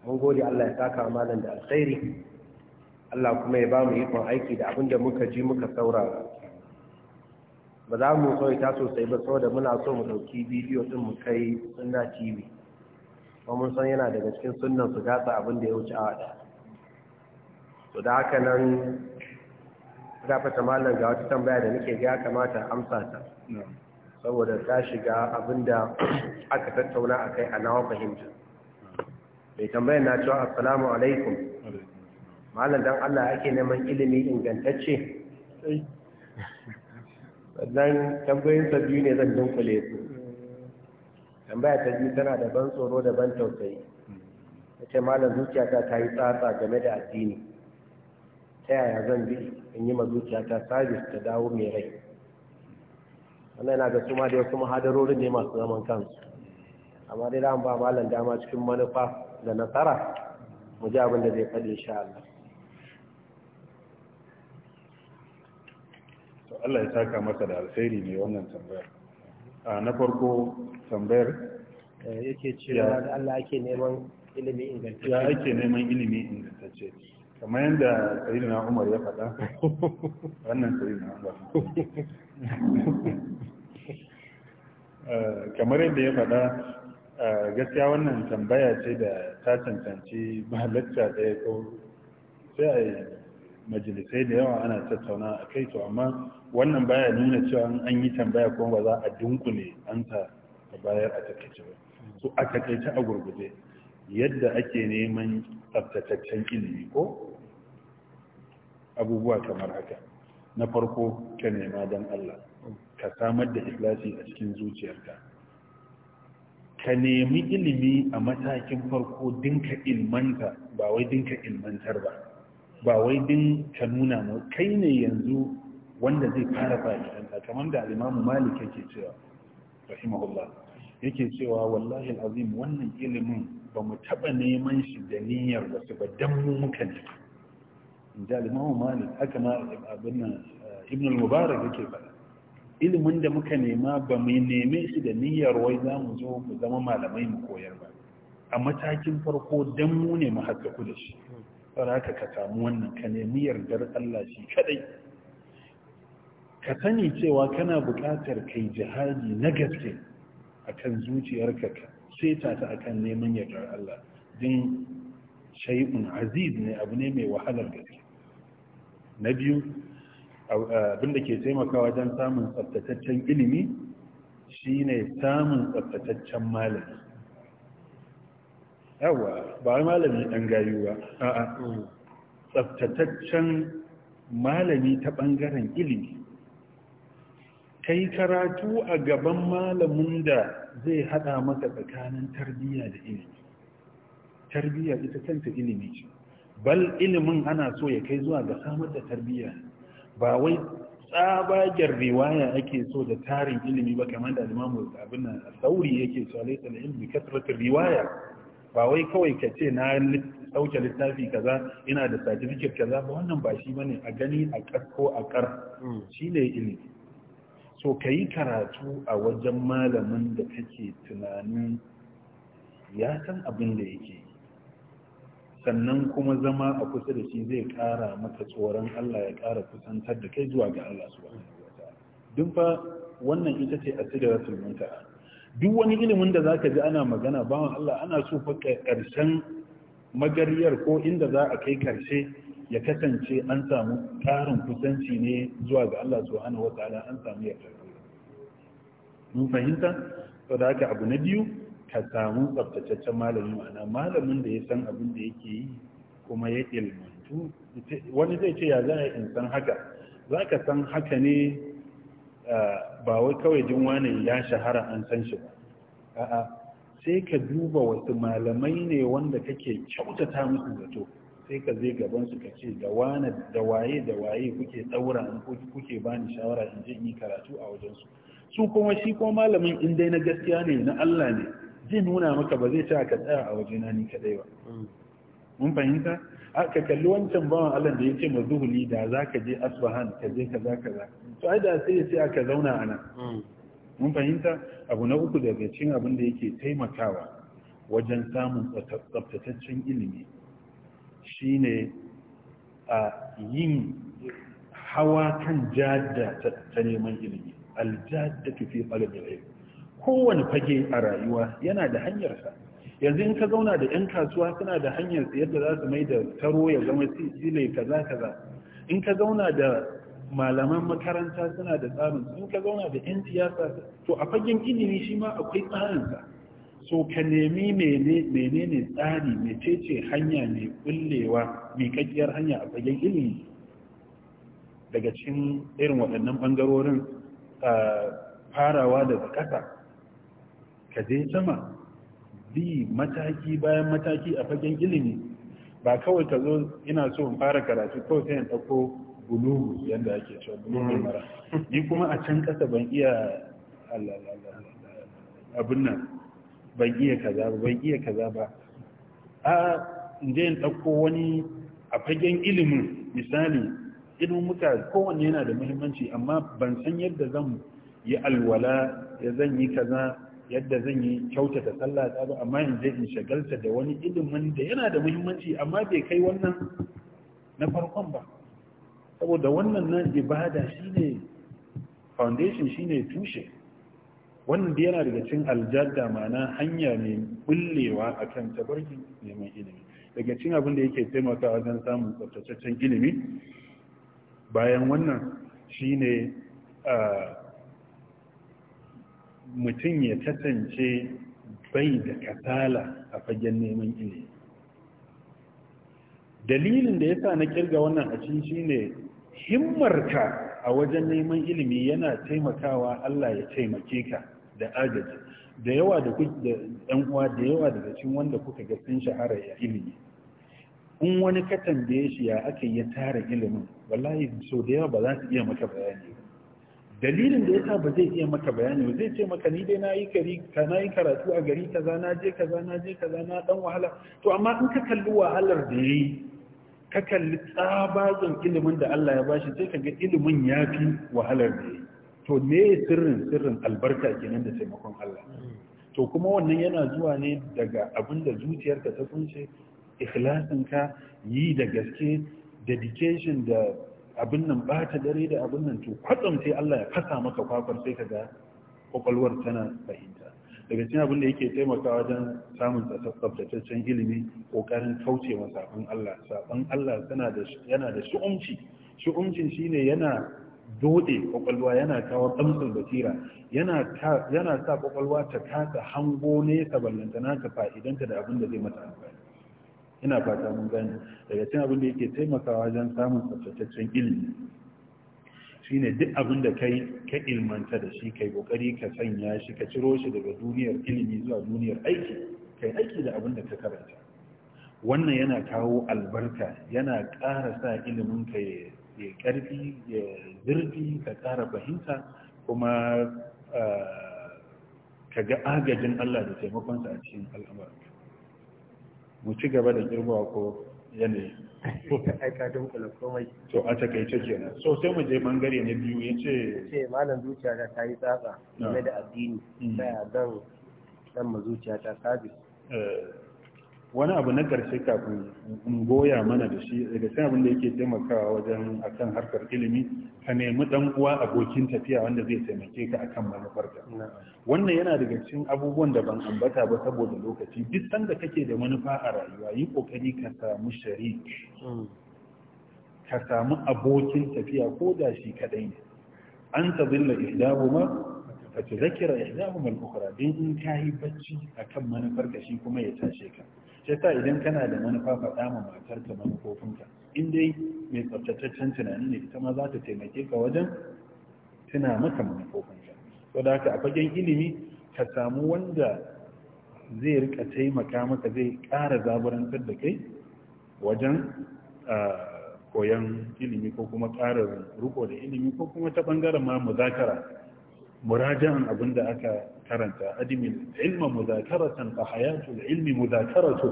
mun gode Allah ya saka malam da alkhairi Allah kuma ya ba mu ikon aiki da abinda muka ji muka saura ba za mu so ita sosai ba saboda muna so mu ɗauki bidiyo din mu kai sunna tv kuma mun san yana daga cikin sunnan su gasa abinda ya wuce awa ɗaya to da haka nan gafata malam ga wata tambaya da nake ga kamata amsa ta saboda ta shiga abinda [CLEARS THROAT] aka tattauna a kai a nawa fahimta mai tambayar na cewa assalamu alaikum malam don Allah ake neman ilimi ingantacce sannan tambayin biyu ne zan dunkule su tambaya ta biyu tana da ban tsoro da ban tausayi ta ce malam zuciyata ta yi tsatsa game da addini ta yaya zan bi in yi ma zuciyata sabis ta dawo mai rai wannan yana ga su ma da wasu mahadarorin ne masu zaman kansu amma dai da an ba malam dama cikin manufa da nasara mu ji abin da zai faɗi insha Allah Allah ya saka masa da alheri ne wannan tambayar a na farko tambayar eh, yake cewa da Allah ake neman ilimi ingantacce ya ake neman ilimi ingantacce kamar yadda sayyidina Umar ya faɗa [LAUGHS] wannan sayyidina Umar [LAUGHS] Eh, kamar yadda ya faɗa eh, gaskiya wannan tambaya ce da ta cancanci halatta ɗaya ko sai a yi majalisai da yawa ana tattauna a kai to amma wannan baya nuna cewa an yi tambaya kuma ba za a dunkule an ta bayar a takaice ba su a takaice a gurguje yadda ake neman tsaftataccen ilimi ko abubuwa kamar haka na farko ka nema don Allah ka samar da ikhlasi a cikin zuciyarka ka nemi ilimi a matakin farko dinka ilmanta ba wai dinka ilmantar ba ba wai din ka nuna mu kai ne yanzu wanda zai fara fa'idanta kamar da alimamu malik yake cewa rahimahullah yake cewa wallahi alazim wannan ilimin ba mu taɓa neman shi da niyyar wasu ba dan mu muka ne in ji alimamu malik haka ma abin nan eh, ibn al-mubarak yake faɗa ilimin da muka nema ba mu neme shi da niyyar wai za mu zo mu zama malamai mu koyar ba a matakin farko dan mu ne mu ku da shi haka ka samu wannan ka nemi yardar Allah shi kadai ka sani cewa kana buƙatar kai jihadi na gaske akan zuciyarka ka seta ta akan neman yardar Allah din shay'un aziz ne abu ne mai wahalar gaske na biyu abin da ke taimakawa wajen samun tsaftataccen ilimi shine samun tsaftataccen malami yawa ba malami ɗan gayu ba a'a tsaftataccen malami ta ɓangaren ilimi kai karatu a gaban malamin da zai haɗa maka tsakanin tarbiyya da ilimi tarbiyya ita kanta ilimi ce bal ilimin ana so ya kai zuwa ga samar da tarbiyya ba wai tsabagen riwaya ake so da tarin ilimi ba kamar da limamu abin nan sauri yake so alaisa da ilimi kasarar riwaya ba wai kawai ka ce na sauke littafi kaza ina da certificate kaza ba wannan ba shi bane a gani a kar ko a kar hmm. ne ilimi so ka yi karatu a wajen malamin da kake tunanin ya san abin da yake sannan kuma zama a kusa da shi zai ƙara maka tsoron Allah ya ƙara kusantar da kai zuwa ga Allah subhanahu duk fa wannan ita ce asidatul muntaha duk wani ilimin da zaka ji ana magana bawan Allah ana so fa karshen magariyar ko inda za a kai karshe ya kasance an samu ƙarin kusanci ne zuwa ga Allah subhanahu wataala an samu yarda mun fahimta to haka abu na biyu ka samu tsaftataccen malami ma'ana malamin da ya san abin da yake yi kuma ya ilmantu wani zai ce ya za a in san haka za ka san haka ne ba wai kawai jin wani ya shahara an san shi ba a'a sai ka duba wasu malamai ne wanda kake kyautata musu zato sai ka zai gaban su kace da wani da waye da waye kuke daura an kuke bani shawara in je in yi karatu a wajen su su kuma shi kuma malamin in dai na gaskiya ne na Allah ne zai nuna maka ba zai sha ka tsaya a wajena ni kadai ba mun fahimta aka kalli wancan bawan Allah da yake mazuhuli da za ka je asbahan ka je kaza kaza to ai da sai sai aka zauna ana mun fahimta abu na uku daga cikin abin da yake taimakawa wajen samun tsaftataccen ilimi shine a yin hawa kan jadda ta neman ilimi aljadda fi talab kowane fage a rayuwa yana da hanyarsa yanzu in ka zauna da 'yan kasuwa suna da hanyar yadda za su mai da taro ya zama sile kaza kaza in ka zauna da malaman makaranta suna da tsarin in ka zauna da 'yan siyasa to a fagen ilimi shi ma akwai tsarinsa so ka nemi menene tsari mecece hanya mai kullewa mai kakiyar hanya a fagen ilimi daga cikin irin waɗannan ɓangarorin ah, farawa daga ƙasa ka je sama bi mataki bayan mataki a fagen ilimi ba kawai ka zo ina so in fara karatu kawai sai in ɗauko bulugu yadda ake cewa bulugu mm. mara ni kuma a can ƙasa ban iya abin nan ban iya kaza ba ban iya kaza ba a inje in ɗauko wani a fagen ilimin misali ilimin muka kowanne yana da muhimmanci amma ban san yadda zan yi alwala ya zan yi kaza yadda zan yi kyautata sallah ta ba amma in je in shagalta da wani ilimin da yana da muhimmanci amma bai kai wannan na farkon ba saboda wannan nan ibada shine foundation shine tushe wannan da yana daga cin aljadda ma'ana hanya mai bullewa kan tabarki neman ilimi daga cin abin da yake taimakawa wajen samun tsaftataccen ilimi bayan wannan shine ah, mutum ya kasance bai da kasala a fagen neman ilimi dalilin da ya sa na kirga wannan aci shine shi ne himmarka a wajen neman ilimi yana taimakawa Allah ya taimake ka da agaji da yawa da ɗan uwa da yawa daga cikin wanda kuka ga sun shahara ya ilimi in wani katan da shi ya aka ya tara ilimin wallahi so da yawa ba za su iya maka bayani dalilin da yasa ba zai iya maka bayani ba zai ce maka ni dai nayi kari ka nayi karatu a gari ka za na je ka za na je ka za na dan wahala to amma in ka kalli wahalar da yayi ka kalli tsabazin ilimin da Allah ya bashi sai ka ga ilimin yafi wahalar da yayi to me sirrin sirrin albarka kenan da taimakon Allah to kuma wannan yana zuwa ne daga abinda zuciyarka ta kunce ikhlasinka yi da gaske dedication da abin nan bata dare da abin nan to kwatsam sai Allah ya kasa maka kwakwar sai ka ga kwakwalwar tana fahimta daga cikin abin da yake taimakawa wajen samun tsabtataccen ilimi kokarin kauce wa sabon Allah sabon Allah tana da yana da shu'umci shu'umcin shine yana dode kwakwalwa yana kawo tsamsin basira yana sa kwakwalwa ta kasa hango nesa ballantana ta fa'idanta da abin da zai mata amfani ina fata mun gani daga cikin abin da yake taimakawa wajen samun tsaftataccen ilimi shine duk abin da kai ka ilmanta da shi kai kokari ka sanya shi ka ciro shi daga duniyar ilimi zuwa duniyar aiki kai aiki da abin da ka karanta wannan yana kawo albarka yana ƙara sa ilimin ka ya ƙarfi ya zurfi ka ƙara fahimta kuma ah, ka ga agajin Allah da taimakonsa a cikin al'amuranka mu ci gaba da girma ko yanayi [LAUGHS] aika don kula komai to a takaice kenan so sai mu je bangare na biyu ya ce ce malam zuciya ta ta yi tsatsa game da addini mm. ta ya zan dan ma zuciya ta sabis wani abu na ƙarshe kafin in goya mana da shi daga cikin abin da yake taimakawa wajen akan harkar ilimi ka nemi dan uwa abokin tafiya wanda zai taimake ka akan manufarka wannan yana daga cikin abubuwan da ban ambata ba saboda lokaci duk sanda kake da manufa a rayuwa yi kokari ka samu sharik ka samu abokin tafiya ko da shi kadai ne an tadilla ihdahuma fa tudhakkira ihdahuma al-ukhra din in kai bacci akan manufar ka shi kuma ya tashe ka shi yasa idan kana da manufa faɗa ma matarka manufofinka in dai mai tsaftataccen tunani ne ita ma za ta taimake ka wajen tuna maka manufofinka so da haka a fagen ilimi ka samu wanda zai rika taimaka maka zai ƙara zaburantar da kai wajen koyan ilimi ko kuma ƙara riko da ilimi ko kuma ta ɓangaren ma muzakara murajan abin da aka karanta adimin ilma muzakaratan fa hayatul ilmi muzakaratu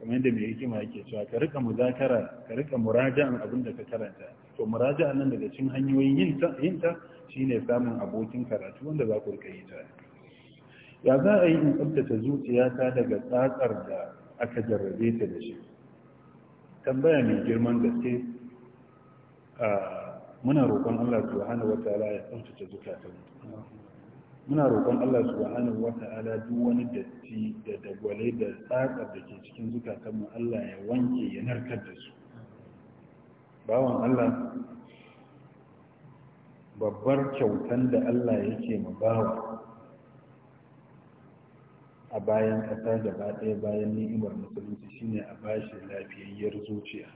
kamar yadda mai hikima yake cewa ka rika muzakara ka rika muraja'an abin da ka karanta to muraja'an nan daga cikin hanyoyin yin ta shine samun abokin karatu wanda za ku rika yi ta ya za a yi in tsabtace zuciyata daga tsatsar da aka jarrabe ta da shi tambaya mai girman gaske ah, muna roƙon Allah subhanahu wataala ya tsabtace zuciyarmu muna roƙon Allah subhanahu ta'ala duk wani datti da dagwale da tsakar da ke cikin mu Allah ya wanke ya narkar da su bawan Allah babbar kyautan da Allah yake ma bawa a bayan ƙasa gaba ɗaya bayan ni'imar musulunci shine a bashi lafiyayyar zuciya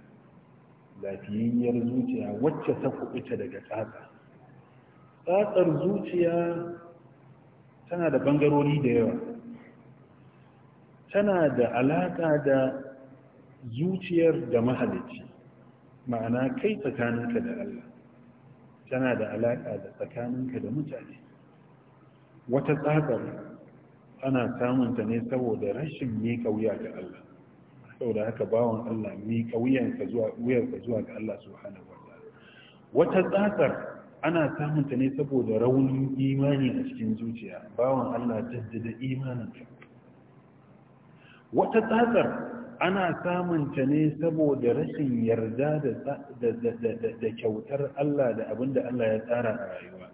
lafiyayyar zuciya wacce ta kuɓuta daga tsatsa tsatsar zuciya tana da bangarori da yawa tana da alaƙa da zuciyar da mahalicci ma'ana kai tsakaninka da Allah tana da alaƙa da tsakaninka da mutane wata tsatsar ana samunta ne saboda rashin miƙa wuya ga Allah saboda haka bawan Allah wuyar zuwa ga Allah su hana wata tsatsar ana samun ta ne saboda raunin imani a cikin zuciya bawan Allah jaddada imaninka wata tsatsar ana samun ta ne saboda rashin yarda da kyautar Allah da abinda Allah ya tsara a rayuwa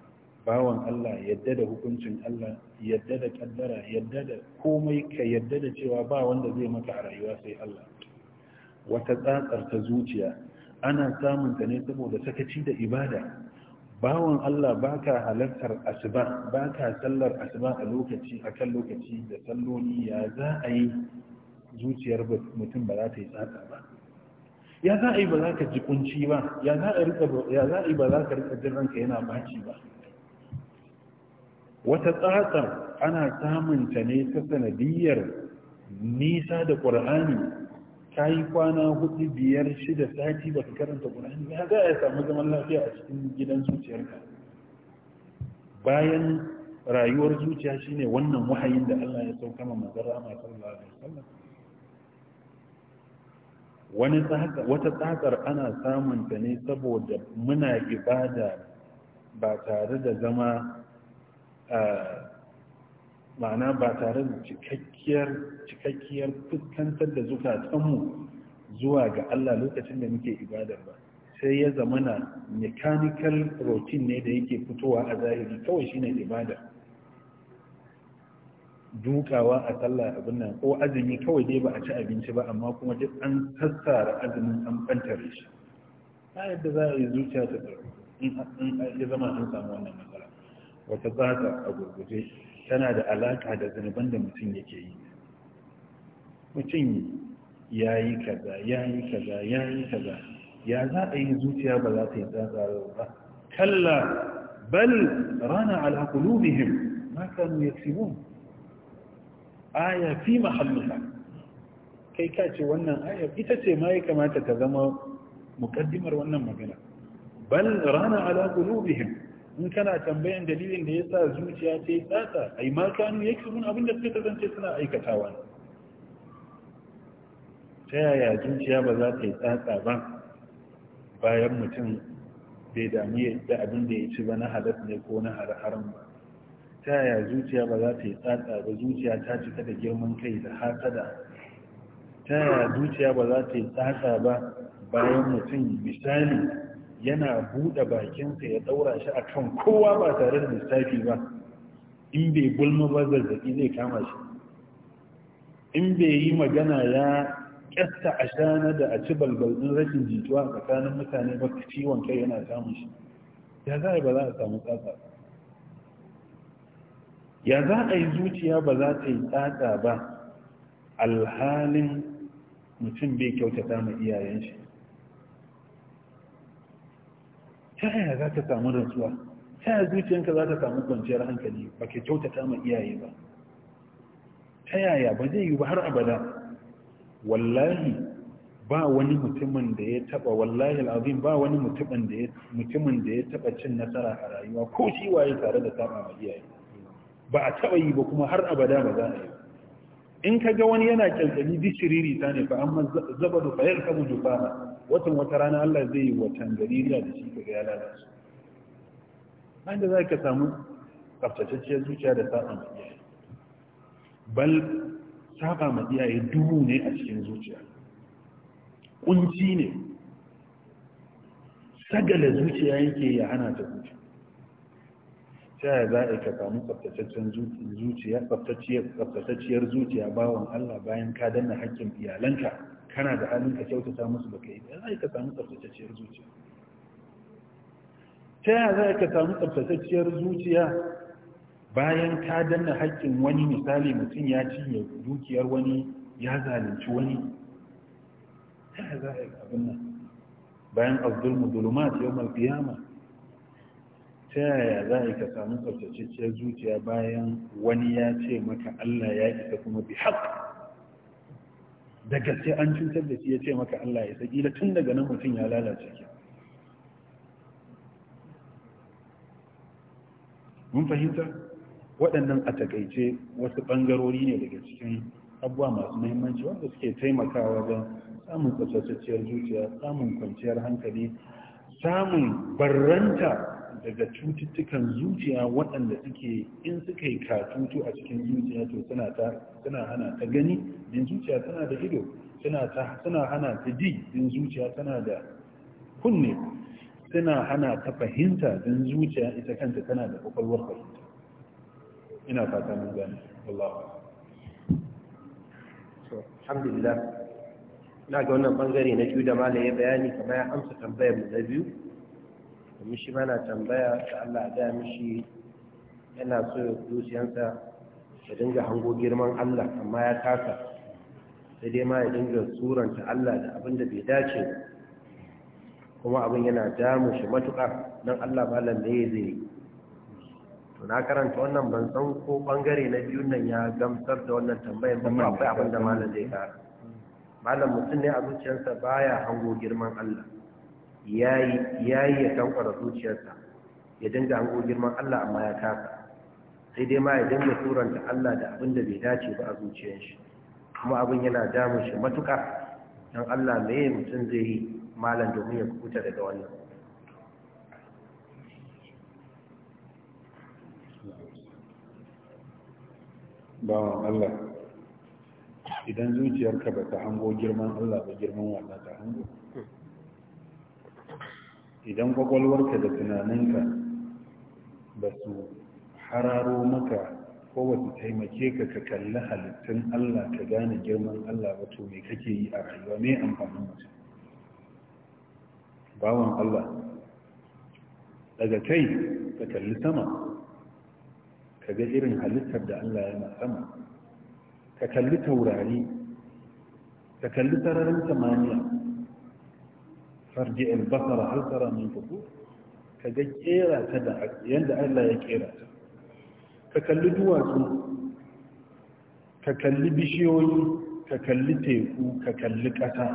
bawan Allah yadda da hukuncin Allah yadda da kaddara yadda da komai ka yadda da cewa ba wanda zai maka a rayuwa sai Allah wata tsatsar ta zuciya ana samun ta ne saboda sakaci da ibada bawan Allah baka halartar asuba baka sallar asuba a lokaci akan lokaci da salloni ya za a yi zuciyar mutum ba za ta yi tsaka ba ya za a yi ba za ka ji kunci ba ya za a yi ba za ka rika jin ranka yana baci ba wata tsatsar ana samun ta ne ta sanadiyar nisa da ƙur'ani ta yi kwana hudu biyar shida sati ba ka karanta ƙur'ani ya za a samu zaman lafiya a cikin gidan zuciyarka bayan rayuwar zuciya shine wannan wahayin da Allah ya sauka ma manzon Rahama sallallahu Allah da wata tsakar ana samun ta ne saboda muna ibada ba tare da zama ah, ma'ana ba tare da cikakkiyar cikakkiyar fuskantar da mu zuwa ga Allah lokacin da muke ibadar ba sai ya zama na mechanical routine ne da yake fitowa a zahiri kawai shine ibada dukawa a sallah abin nan ko azumi kawai dai ba a ci abinci ba amma kuma duk an sassara azumin an bantare shi ta yadda za a yi zuciya ta in ya zama an samu wannan matsala wata ta a gurguje tana da alaka da zunuban da mutum yake yi mutum ya yi kaza ya yi kaza ya yi kaza ya za a yi zuciya ba za ta yi tsatsarar ba kalla bal rana ala Na ma kanu yaksibun aya fi mahalliha kai ka ce wannan aya ita ce ma ya kamata ta zama mukaddimar wannan magana bal rana ala qulubihim in kana tambayan dalilin da ya sa zuciya ta yi tsata a yi makanu ya kisun abin da suka kasance suna aikatawa ta yaya zuciya ba za ta yi tsatsa ba bayan mutum bai damu da abin da ya ci ba na halas ne ko na haram ba ta yaya zuciya ba za ta yi tsatsa ba zuciya ta cika da girman kai da hasada ta yaya zuciya ba za ta yi tsatsa ba bayan mutum misali yana buɗe bakinsa ya ɗaura shi a kan kowa ba tare da lissafi ba in bai gulma ba zazzaɓi zai kama shi in bai yi magana ya ƙasta a shana da a ci balbalin rashin jituwa a tsakanin mutane ba ciwon kai yana samun shi ya za a ba za a samu tsatsa ya za a yi zuciya ba za ta yi tsatsa ba alhalin mutum bai kyautata ma iyayen shi ta yaya za ta samu rantsuwa ta yaya zuciyanka za ta samu kwanciyar hankali ba ke kyautata ma iyaye ba ta yaya ba zai yi ba har abada wallahi ba wani mutumin da ya taba wallahi al'azim ba wani mutumin da ya mutumin da ya taba cin nasara a rayuwa ko shi waye tare da saba ma iyaye ba a taba yi ba kuma har abada ba za a yi in ka ga wani yana kyalkyali bishiriri ta ne fa amma zaba da fayar kabu jufana watan wata rana Allah zai yi watan gaririya da shi ka ga ya lalace bayan da za ka samu tsaftatacciyar zuciya da ma iyaye bal saba ma iyaye duhu ne a cikin zuciya Ƙunci ne sagala zuciya yake ya hana ta zuciya ta ya za a ka samu tsaftataccen zuciya tsaftatacciyar zuciya bawan Allah bayan ka danna hakkin iyalanka kana da halin ka kyautata musu baka yi za ka samu tsaftatacciyar zuciya ta ya za ka samu tsaftatacciyar zuciya bayan ka danna hakkin wani misali mutum ya cinye dukiyar wani ya zalunci wani ta ya za a yi abin nan bayan azdulmu dulumat yawmal qiyamah ta yaya za a ka samu tsaftatacciyar zuciya bayan wani ya ce maka Allah ya isa kuma bi haƙ da gaske an cutar da shi ya ce maka Allah ya isa kila tun daga nan mutum ya lalace ki mun fahimta waɗannan a takaice wasu ɓangarori ne daga cikin abubuwa masu muhimmanci wanda suke taimakawa wajen samun tsaftatacciyar zuciya samun kwanciyar hankali samun barranta daga cututtukan zuciya waɗanda suke in suka yi katutu a cikin zuciya to suna hana ta gani din zuciya tana da ido suna hana ta ji din zuciya tana da kunne suna hana ta fahimta din zuciya ita kanta tana da ƙwaƙwalwar fahimta ina fata mun gani Allah alhamdulillah na ga wannan bangare na biyu da malai ya bayani kamar ya amsa tambayar mu na biyu domin shi mana tambaya da Allah da gaya mishi yana so ya zuciyarsa ya dinga hango girman Allah amma ya kasa sai dai ma ya dinga suranta Allah da abin da bai dace kuma abin yana damu shi matuƙa don Allah malam da ya zai to na karanta wannan ban san ko bangare na biyun nan ya gamsar da wannan tambayar ba akwai abin da malam zai kara malam mutum ne a zuciyarsa baya hango girman Allah yayi yi ya tankwara zuciyarsa ya dinga hango girman Allah amma ya kasa sai dai ma ya dinga turanta Allah da abin da bai dace ba a zuciyar shi kuma abin yana damun shi matuƙa don Allah me mutum zai yi malam domin ya kuta daga wannan bawan Allah idan zuciyarka ba ta hango girman Allah ba girman wannan ta hango idan kwakwalwarka da tunaninka ba su hararo maka kowace ba taimake ka ka kalli halittun Allah ka gane girman Allah Wato to me kake yi a rayuwa me amfanin mutum bawan Allah daga kai ka kalli sama ka ga irin halittar da Allah yana sama ka kalli taurari ka kalli sararin samaniya farji albasara hal tara min fuku ka ga kera ta da yanda Allah ya kera ta ka kalli duwatsu ka kalli bishiyoyi ka kalli teku ka kalli ƙasa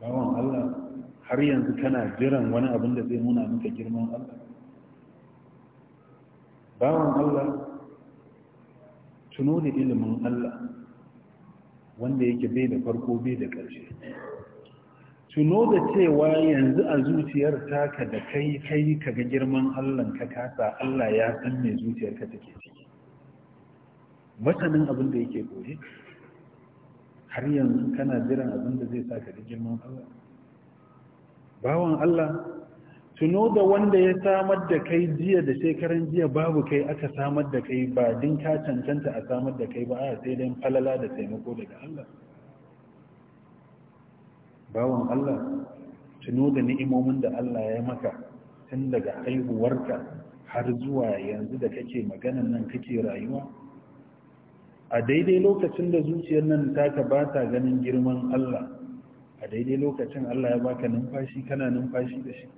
bawan Allah har yanzu kana jiran wani abin da zai nuna maka girman Allah bawan Allah tuno da ilimin Allah wanda yake bai da farko bai da ƙarshe tuno da cewa yanzu a zuciyar taka da kai kai ka ga girman Allah ka kasa Allah ya san me zuciyar ka take ciki masanin abin da yake goye har yanzu kana jiran abin da zai saka da girman Allah bawan Allah tuno da wanda ya samar da kai jiya da shekaran jiya babu kai aka samar da kai ba din ka cancanta a samar da kai ba a sai dai falala da taimako daga Allah bawan Allah tuno da ni'imomin da Allah ya maka tun daga haihuwarka har zuwa yanzu da kake maganan nan kake rayuwa a daidai lokacin da zuciyar nan taka ba ta ganin girman Allah a daidai lokacin Allah ya baka numfashi kana numfashi da shi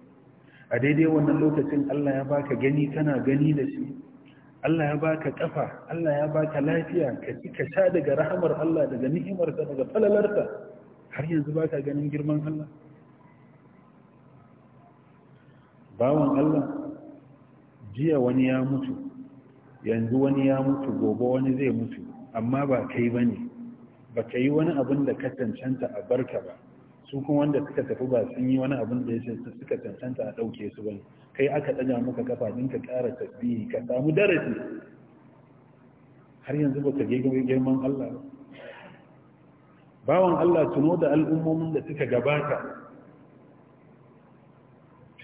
a daidai wannan lokacin Allah ya baka gani kana gani da shi Allah ya baka kafa Allah ya baka lafiya ka ci ka sha daga rahamar Allah daga ni'imarsa daga falalarta. har yanzu ba ka ganin girman Allah bawan Allah jiya wani ya mutu yanzu wani ya mutu gobe wani zai mutu amma ba kai ba ne ba ka yi wani abin da ka cancanta a barka ba su kuma wanda suka tafi ba sun yi wani abin da ya suka cancanta a ɗauke su bane kai aka ɗaga maka kafa ɗin ka ƙara tasbihi ka samu darasi har yanzu ba ka girman Allah ba bawan Allah tuno da al'ummomin da suka gabata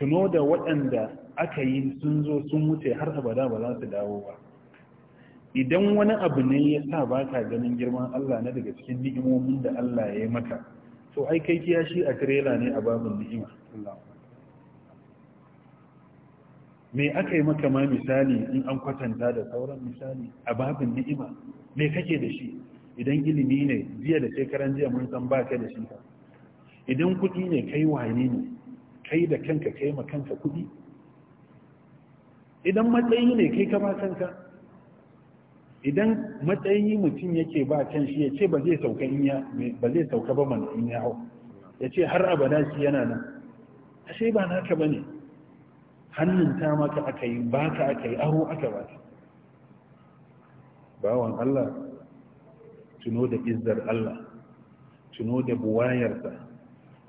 tuno da waɗanda aka yi sun zo sun wuce har abada ba za su dawo ba idan wani abu ne ya sa ba ka ganin girman Allah na daga cikin ni'imomin da Allah ya yi maka to ai kai shi a tirela ne a babin ni'ima me aka yi maka ma misali in an kwatanta da sauran misali a babin ni'ima me kake da shi idan ilimi ne jiya da shekaran jiya mun san ba kai da shi idan kuɗi ne kai wane ne kai da kanka kai ma kanka kuɗi idan matsayi ne kai ka ba kanka idan matsayi mutum yake ba kan shi ya ce ba zai sauka in ya ba zai sauka ba man in ya hau ya ce har abada shi yana nan ashe ba naka bane hannun ta maka aka yi baka aka yi aro aka ba bawan Allah tuno da izzar Allah tuno da buwayarsa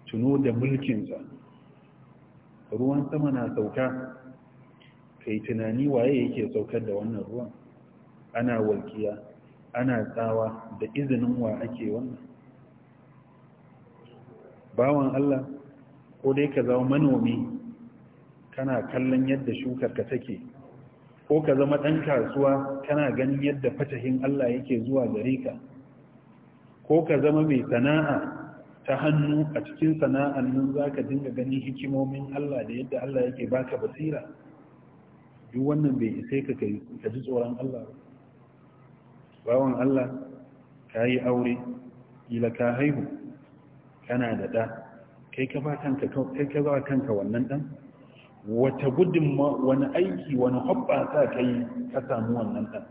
tuno da mulkinsa ruwan sama na sauka kai tunani waye yake saukar da wannan ruwan ana walkiya ana tsawa da izinin wa ake wannan bawan Allah ko dai ka zama manomi kana kallon yadda shukar ka take ko ka zama ɗan kasuwa kana ganin yadda fatahin Allah yake zuwa gare ka ko ka zama mai sana'a ta hannu a cikin sana'an nan za ka dinga ganin hikimomin Allah da yadda Allah yake baka basira duk wannan bai isa ka ka ji tsoron Allah bawon Allah ka yi aure ila ka haihu kana da ɗa kai ka ba kanka kai ka ba kanka wannan ɗan wata gudunma wani aiki wani hoɓɓasa ka yi ka samu wannan ɗan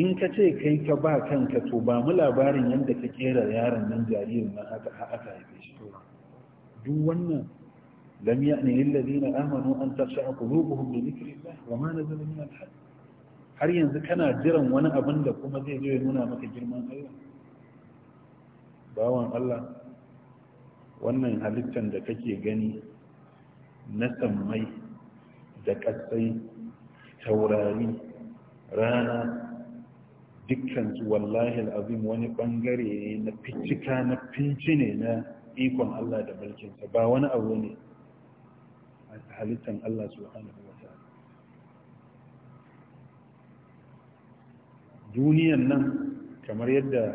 in ka ce kai ka ba kanka to ba mu labarin yadda ka kera yaron nan jaririn nan aka aka haife shi duk wannan lam ya'ni lil ladina amanu an tasha'a qulubuhum li dhikrillah wa ma nazala min al har yanzu kana jiran wani abin da kuma zai zo ya nuna maka girman Allah bawan Allah wannan halittar da kake gani na sammai da ƙasai taurari rana dukkansu wallahi al'azim wani bangare na fitika na finci ne na ikon Allah da mulkinsa ba wani abu ne a halittar Allah subhanahu wa ta'ala duniyan nan kamar yadda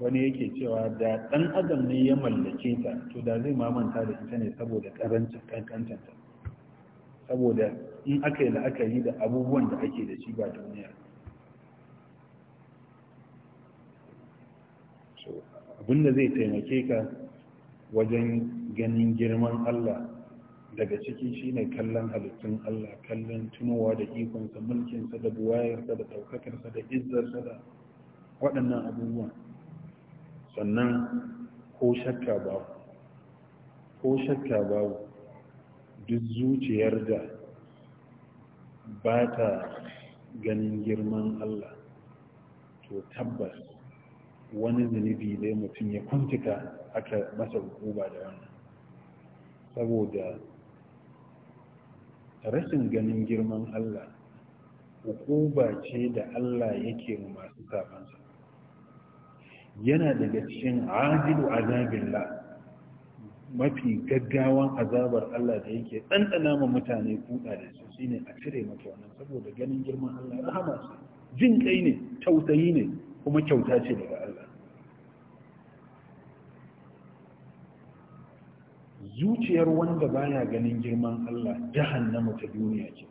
wani yake cewa da ɗan adam ne ya mallake ta to da zai mamanta da ita ne saboda ƙarancin kankantanta saboda in aka yi la'akari da abubuwan da ake da shi ba duniya da zai taimake ka wajen ganin girman Allah daga ciki shine kallon halittun Allah kallon tunowa da ikonsa mulkinsa da buwayarsa da ɗaukakarsa da izzarsa da waɗannan abubuwan sannan ko shakka babu ko shakka babu duk zuciyar da ba ta ganin girman Allah to tabbas wani zunubi da mutum ya kuntuka aka masa hukuma da wannan saboda rashin ganin girman Allah hukuma ce da Allah yake masu sabansa yana daga cikin adilu la mafi gaggawan azabar Allah da yake ɗanɗana ma mutane kuɗa da su shine a cire mata wannan saboda ganin girman Allah rahama jin kai ne tausayi ne kuma kyauta ce daga Allah zuciyar wanda baya ganin girman Allah jahannama ta duniya ce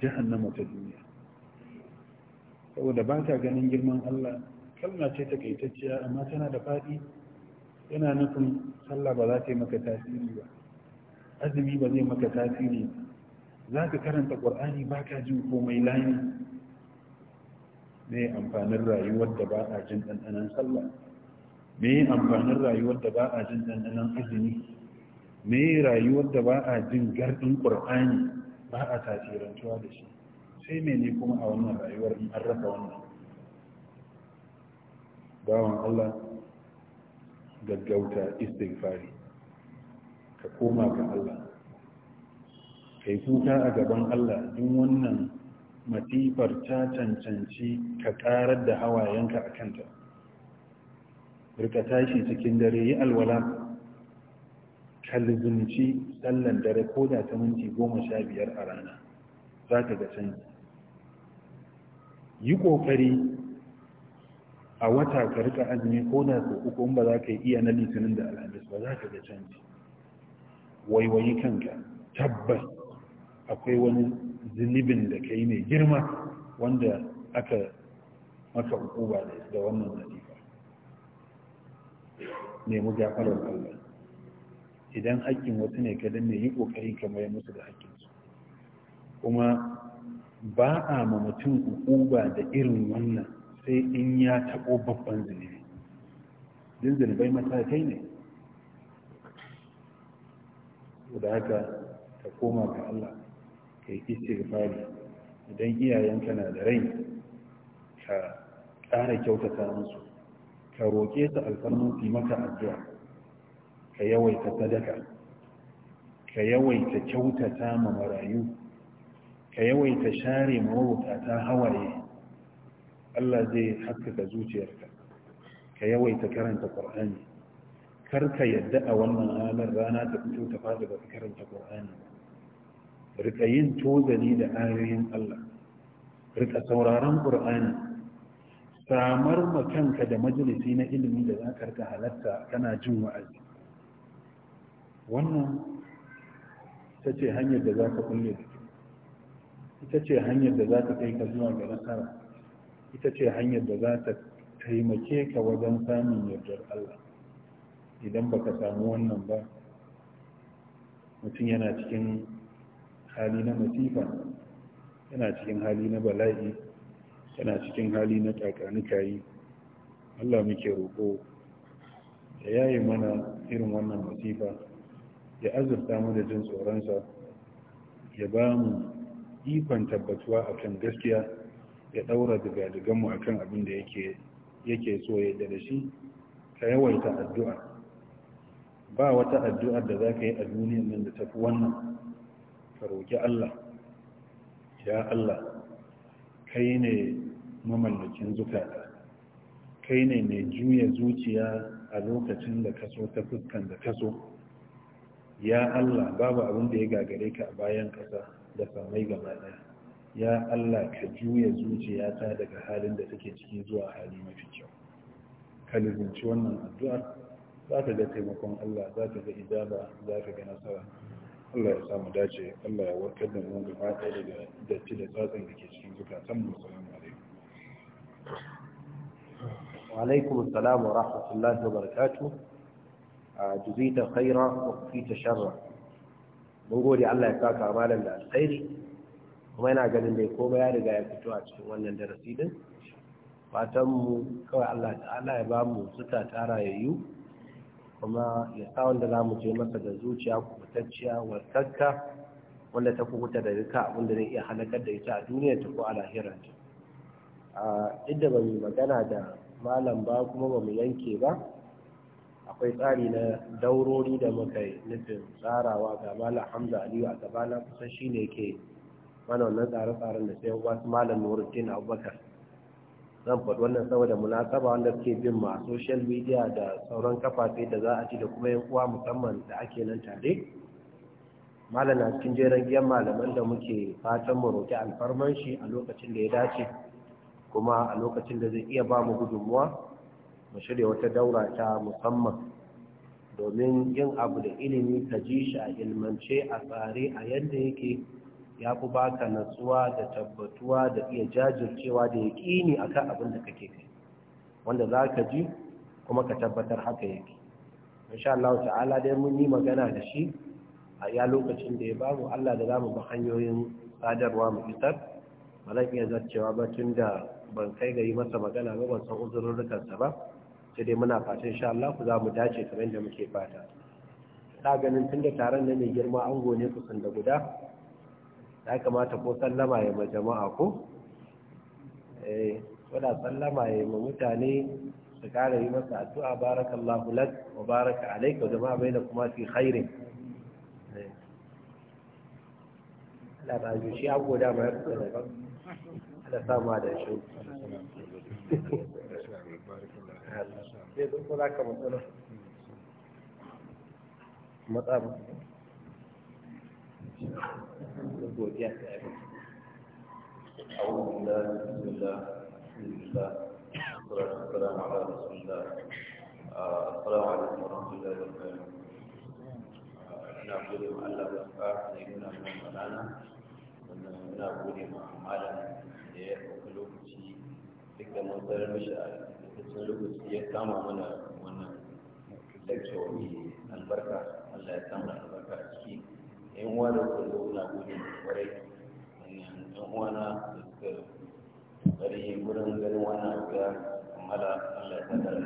jahannama ta duniya saboda ba ta ganin girman Allah kalma ce ta kaitacciya amma tana da faɗi yana nufin sallah ba za ta yi maka tasiri ba azumi ba zai maka tasiri za ka karanta ƙwar'ani baka ka jin komai layi me amfanin rayuwar da ba a jin ɗanɗanan sallah me amfanin rayuwar da ba a jin ɗanɗanan azumi me rayuwar da ba a jin gardin ƙur'ani ba a tasirantuwa da shi sai me ne kuma a wannan rayuwar in an rasa wannan bawan allah gaggauta istighfari ka koma ga allah kai kuka a gaban allah in wannan Matifar ta cancanci ka karar da hawayenka a kanta rika tashi cikin dare yi alwala kalzunci tsallan dare ko da ta minti goma sha biyar a rana za ka ga canji yi ƙoƙari a wata ka rika azumi ko da sau uku ba za ka iya na litinin da alhamis ba za ka ga canji waiwayi kanka tabbas akwai wani zunubin da ka yi mai girma wanda aka maka hukuba da wannan mu nemi gafarar Allah idan haƙƙin wasu ne ka danne yi ƙoƙari ka ya musu da haƙƙinsu kuma ba a ma mutum hukuba da irin wannan sai in ya taɓo babban zunubi din zunubai matakai ne da haka ta koma ga Allah yi istighfari idan iyayenka na da rai ka ƙara kyautata musu ka roƙe su alfarmin maka addu'a ka yawaita sadaka ka yawaita kyautata ma marayu ka yawaita share ta hawaye Allah zai haskaka zuciyarka ka yawaita karanta Kar karka yadda a wannan halar rana ta fito ta fada ba karanta Qur'ani rika yin tozali da ayoyin Allah rika sauraron Qur'ani samar ma kanka da majalisi na ilimi da za ka rika halatta kana jin wa'azi wannan ita ce hanyar da za ka kulle ita ce hanyar da za ka kai ka zuwa ga nasara ita ce hanyar da za ta taimake ka wajen samun yardar Allah idan baka samu wannan ba mutum yana cikin hali na masifa yana cikin hali na bala'i yana cikin hali na takanikayi Allah muke roƙo da yayi mana irin wannan masifa ya azurta mu da jin tsoronsa ya ba mu ikon tabbatuwa kan gaskiya ya daura mu akan abin da yake yake so ya da shi ka yawaita addu'a ba wata addu'ar da za ka yi a duniyan nan da tafi wannan ka roƙi Allah ya Allah kai ne mamallakin zukata kai ne mai juya zuciya a lokacin da kaso ta fuskan da kaso ya Allah babu abin da ya gagare ka a bayan kasa da samai gaba ɗaya ya Allah ka juya zuciyata daga halin da take ciki zuwa hali mafi kyau ka lizinci wannan addu'ar za ka ga taimakon Allah za ka ga ijaba za ka ga nasara Allah ya samu dace Allah ya warkar da mu gaba ɗaya daga datti da tsatsin da ke cikin zukatan mu salamu alaikum wa alaikum assalam wa rahmatullahi wa barakatuh ta khaira wa ta sharra mun gode Allah ya saka malam da alkhairi kuma yana ganin dai komai ya riga ya fito a cikin wannan darasi din fatan mu kawai Allah ta'ala ya ba mu suka tara yayyu kuma ya sa wanda za mu je masa da zuciya kubutacciya warkarka wanda ta kubuta da duka abinda zai iya halakar da ita a duniya ta ko a ta a da ba mu magana da malam ba kuma ba mu yanke ba akwai tsari na daurori da muka yi nufin tsarawa ga malam hamza aliyu a gabana kusan ne ke mana wannan tsare-tsaren da sai wasu malam nuruddin abubakar zan faɗi wannan saboda munasaba wanda suke bin ma social media da sauran kafafe da za a ci da kuma yan uwa musamman da ake nan tare malam na cikin jeren giyan malaman da muke fatan mu roƙi alfarman shi a lokacin da ya dace kuma a lokacin da zai iya ba mu gudunmuwa mu shirya wata daura ta musamman domin yin abu da ilimi ka ji shi a ilmance a tsare a yadda yake ya fi baka natsuwa da tabbatuwa da iya jajircewa da ya yaƙini kan abin da kake kai wanda za ka ji kuma ka tabbatar haka yake insha Allah ta'ala dai mun yi magana da shi a ya lokacin da ya ba bamu Allah da za mu bi hanyoyin sadarwa mu isar ba zan iya zarcewa ba tun da ban kai ga yi masa magana ba ban san uzurrukansa ba sai dai muna fatan insha Allah ku za mu dace kamar yadda muke fata ta ganin tun da taron na mai girma ango ne kusan da guda ya kamata ko sallama ya ma jama'a ko eh wala sallama ya ma mutane su kara yi masa addu'a barakallahu lak wa baraka alayka wa jama'a kuma fi khairin eh. Allah ba shi abu da ma da sama da shi [LAUGHS] sai duk za ka matsala matsala godiya ta yi أعوذ بالله بسم الله الحمد لله والصلاة والسلام على رسول الله السلام عليكم ورحمة الله وبركاته ina gode ma Allah ba ka da yi nuna mun banana sannan ina gode ma malam da ya ɗauki lokaci duk da mun sarar mishi a lokacin lokaci ya kama mana wannan lecture mai albarka Allah ya samu albarka a ciki yan uwa da na gode da kwarai wannan yan na da suka ƙarfi gurin ganin wannan abu ya Allah ya da shari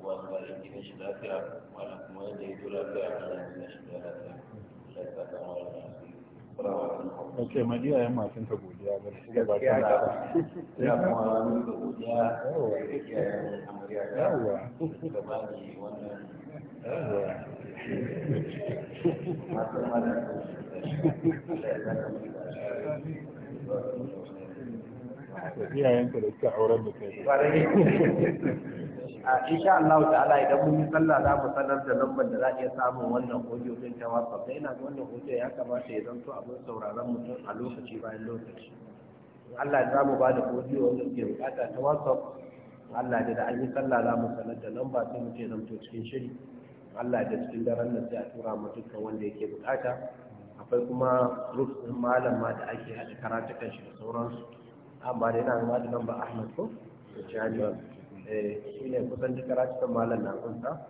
Allah ya da shi lafiya kuma yadda ya Allah ya gina shi da lafiya Allah ya godiya ga su ta ya kuma ranar da godiya wannan iyayenka da insha Allah ta'ala idan mun yi sallah za mu sanar da lambar da za a iya samun wannan audio din ta WhatsApp sai ina wannan audio ya kamata ya zanto abin sauraron mutum a lokaci bayan lokaci Allah ya zamu ba da audio wanda ke bukata ta WhatsApp Allah da an yi sallah za mu sanar da lamba sai mu ce zanto cikin shiri Allah da cikin daren nan sai a tura mu dukkan wanda yake bukata akwai kuma group din malam ma da ake haɗa karatukan shi da sauransu amma da yana ma da nan ba Ahmad ko da eh shi ne kusan duk karatukan malam na kunsa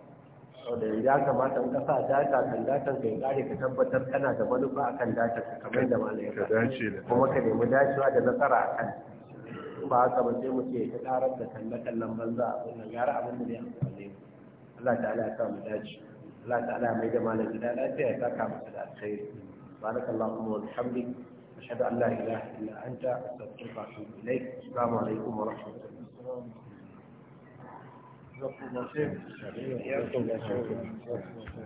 da ya kamata in ka sa data kan datan kai, kare ka tabbatar kana da manufa akan data ka kamar da malam ya dace kuma ka nemi dacewa da nasara akan ba haka ba sai mu ce ka karar da kalle kallon banza a wannan gara abin da zai amfane mu Allah ta'ala ya sa mu dace Allah ta'ala mai da malam gida lafiya ya saka masa da alkhairi subhanakallahumma wa bihamdik أشهد أن لا إله إلا أنت أستغفرك وأتوب إليك السلام عليكم ورحمة الله جزاكم الله خير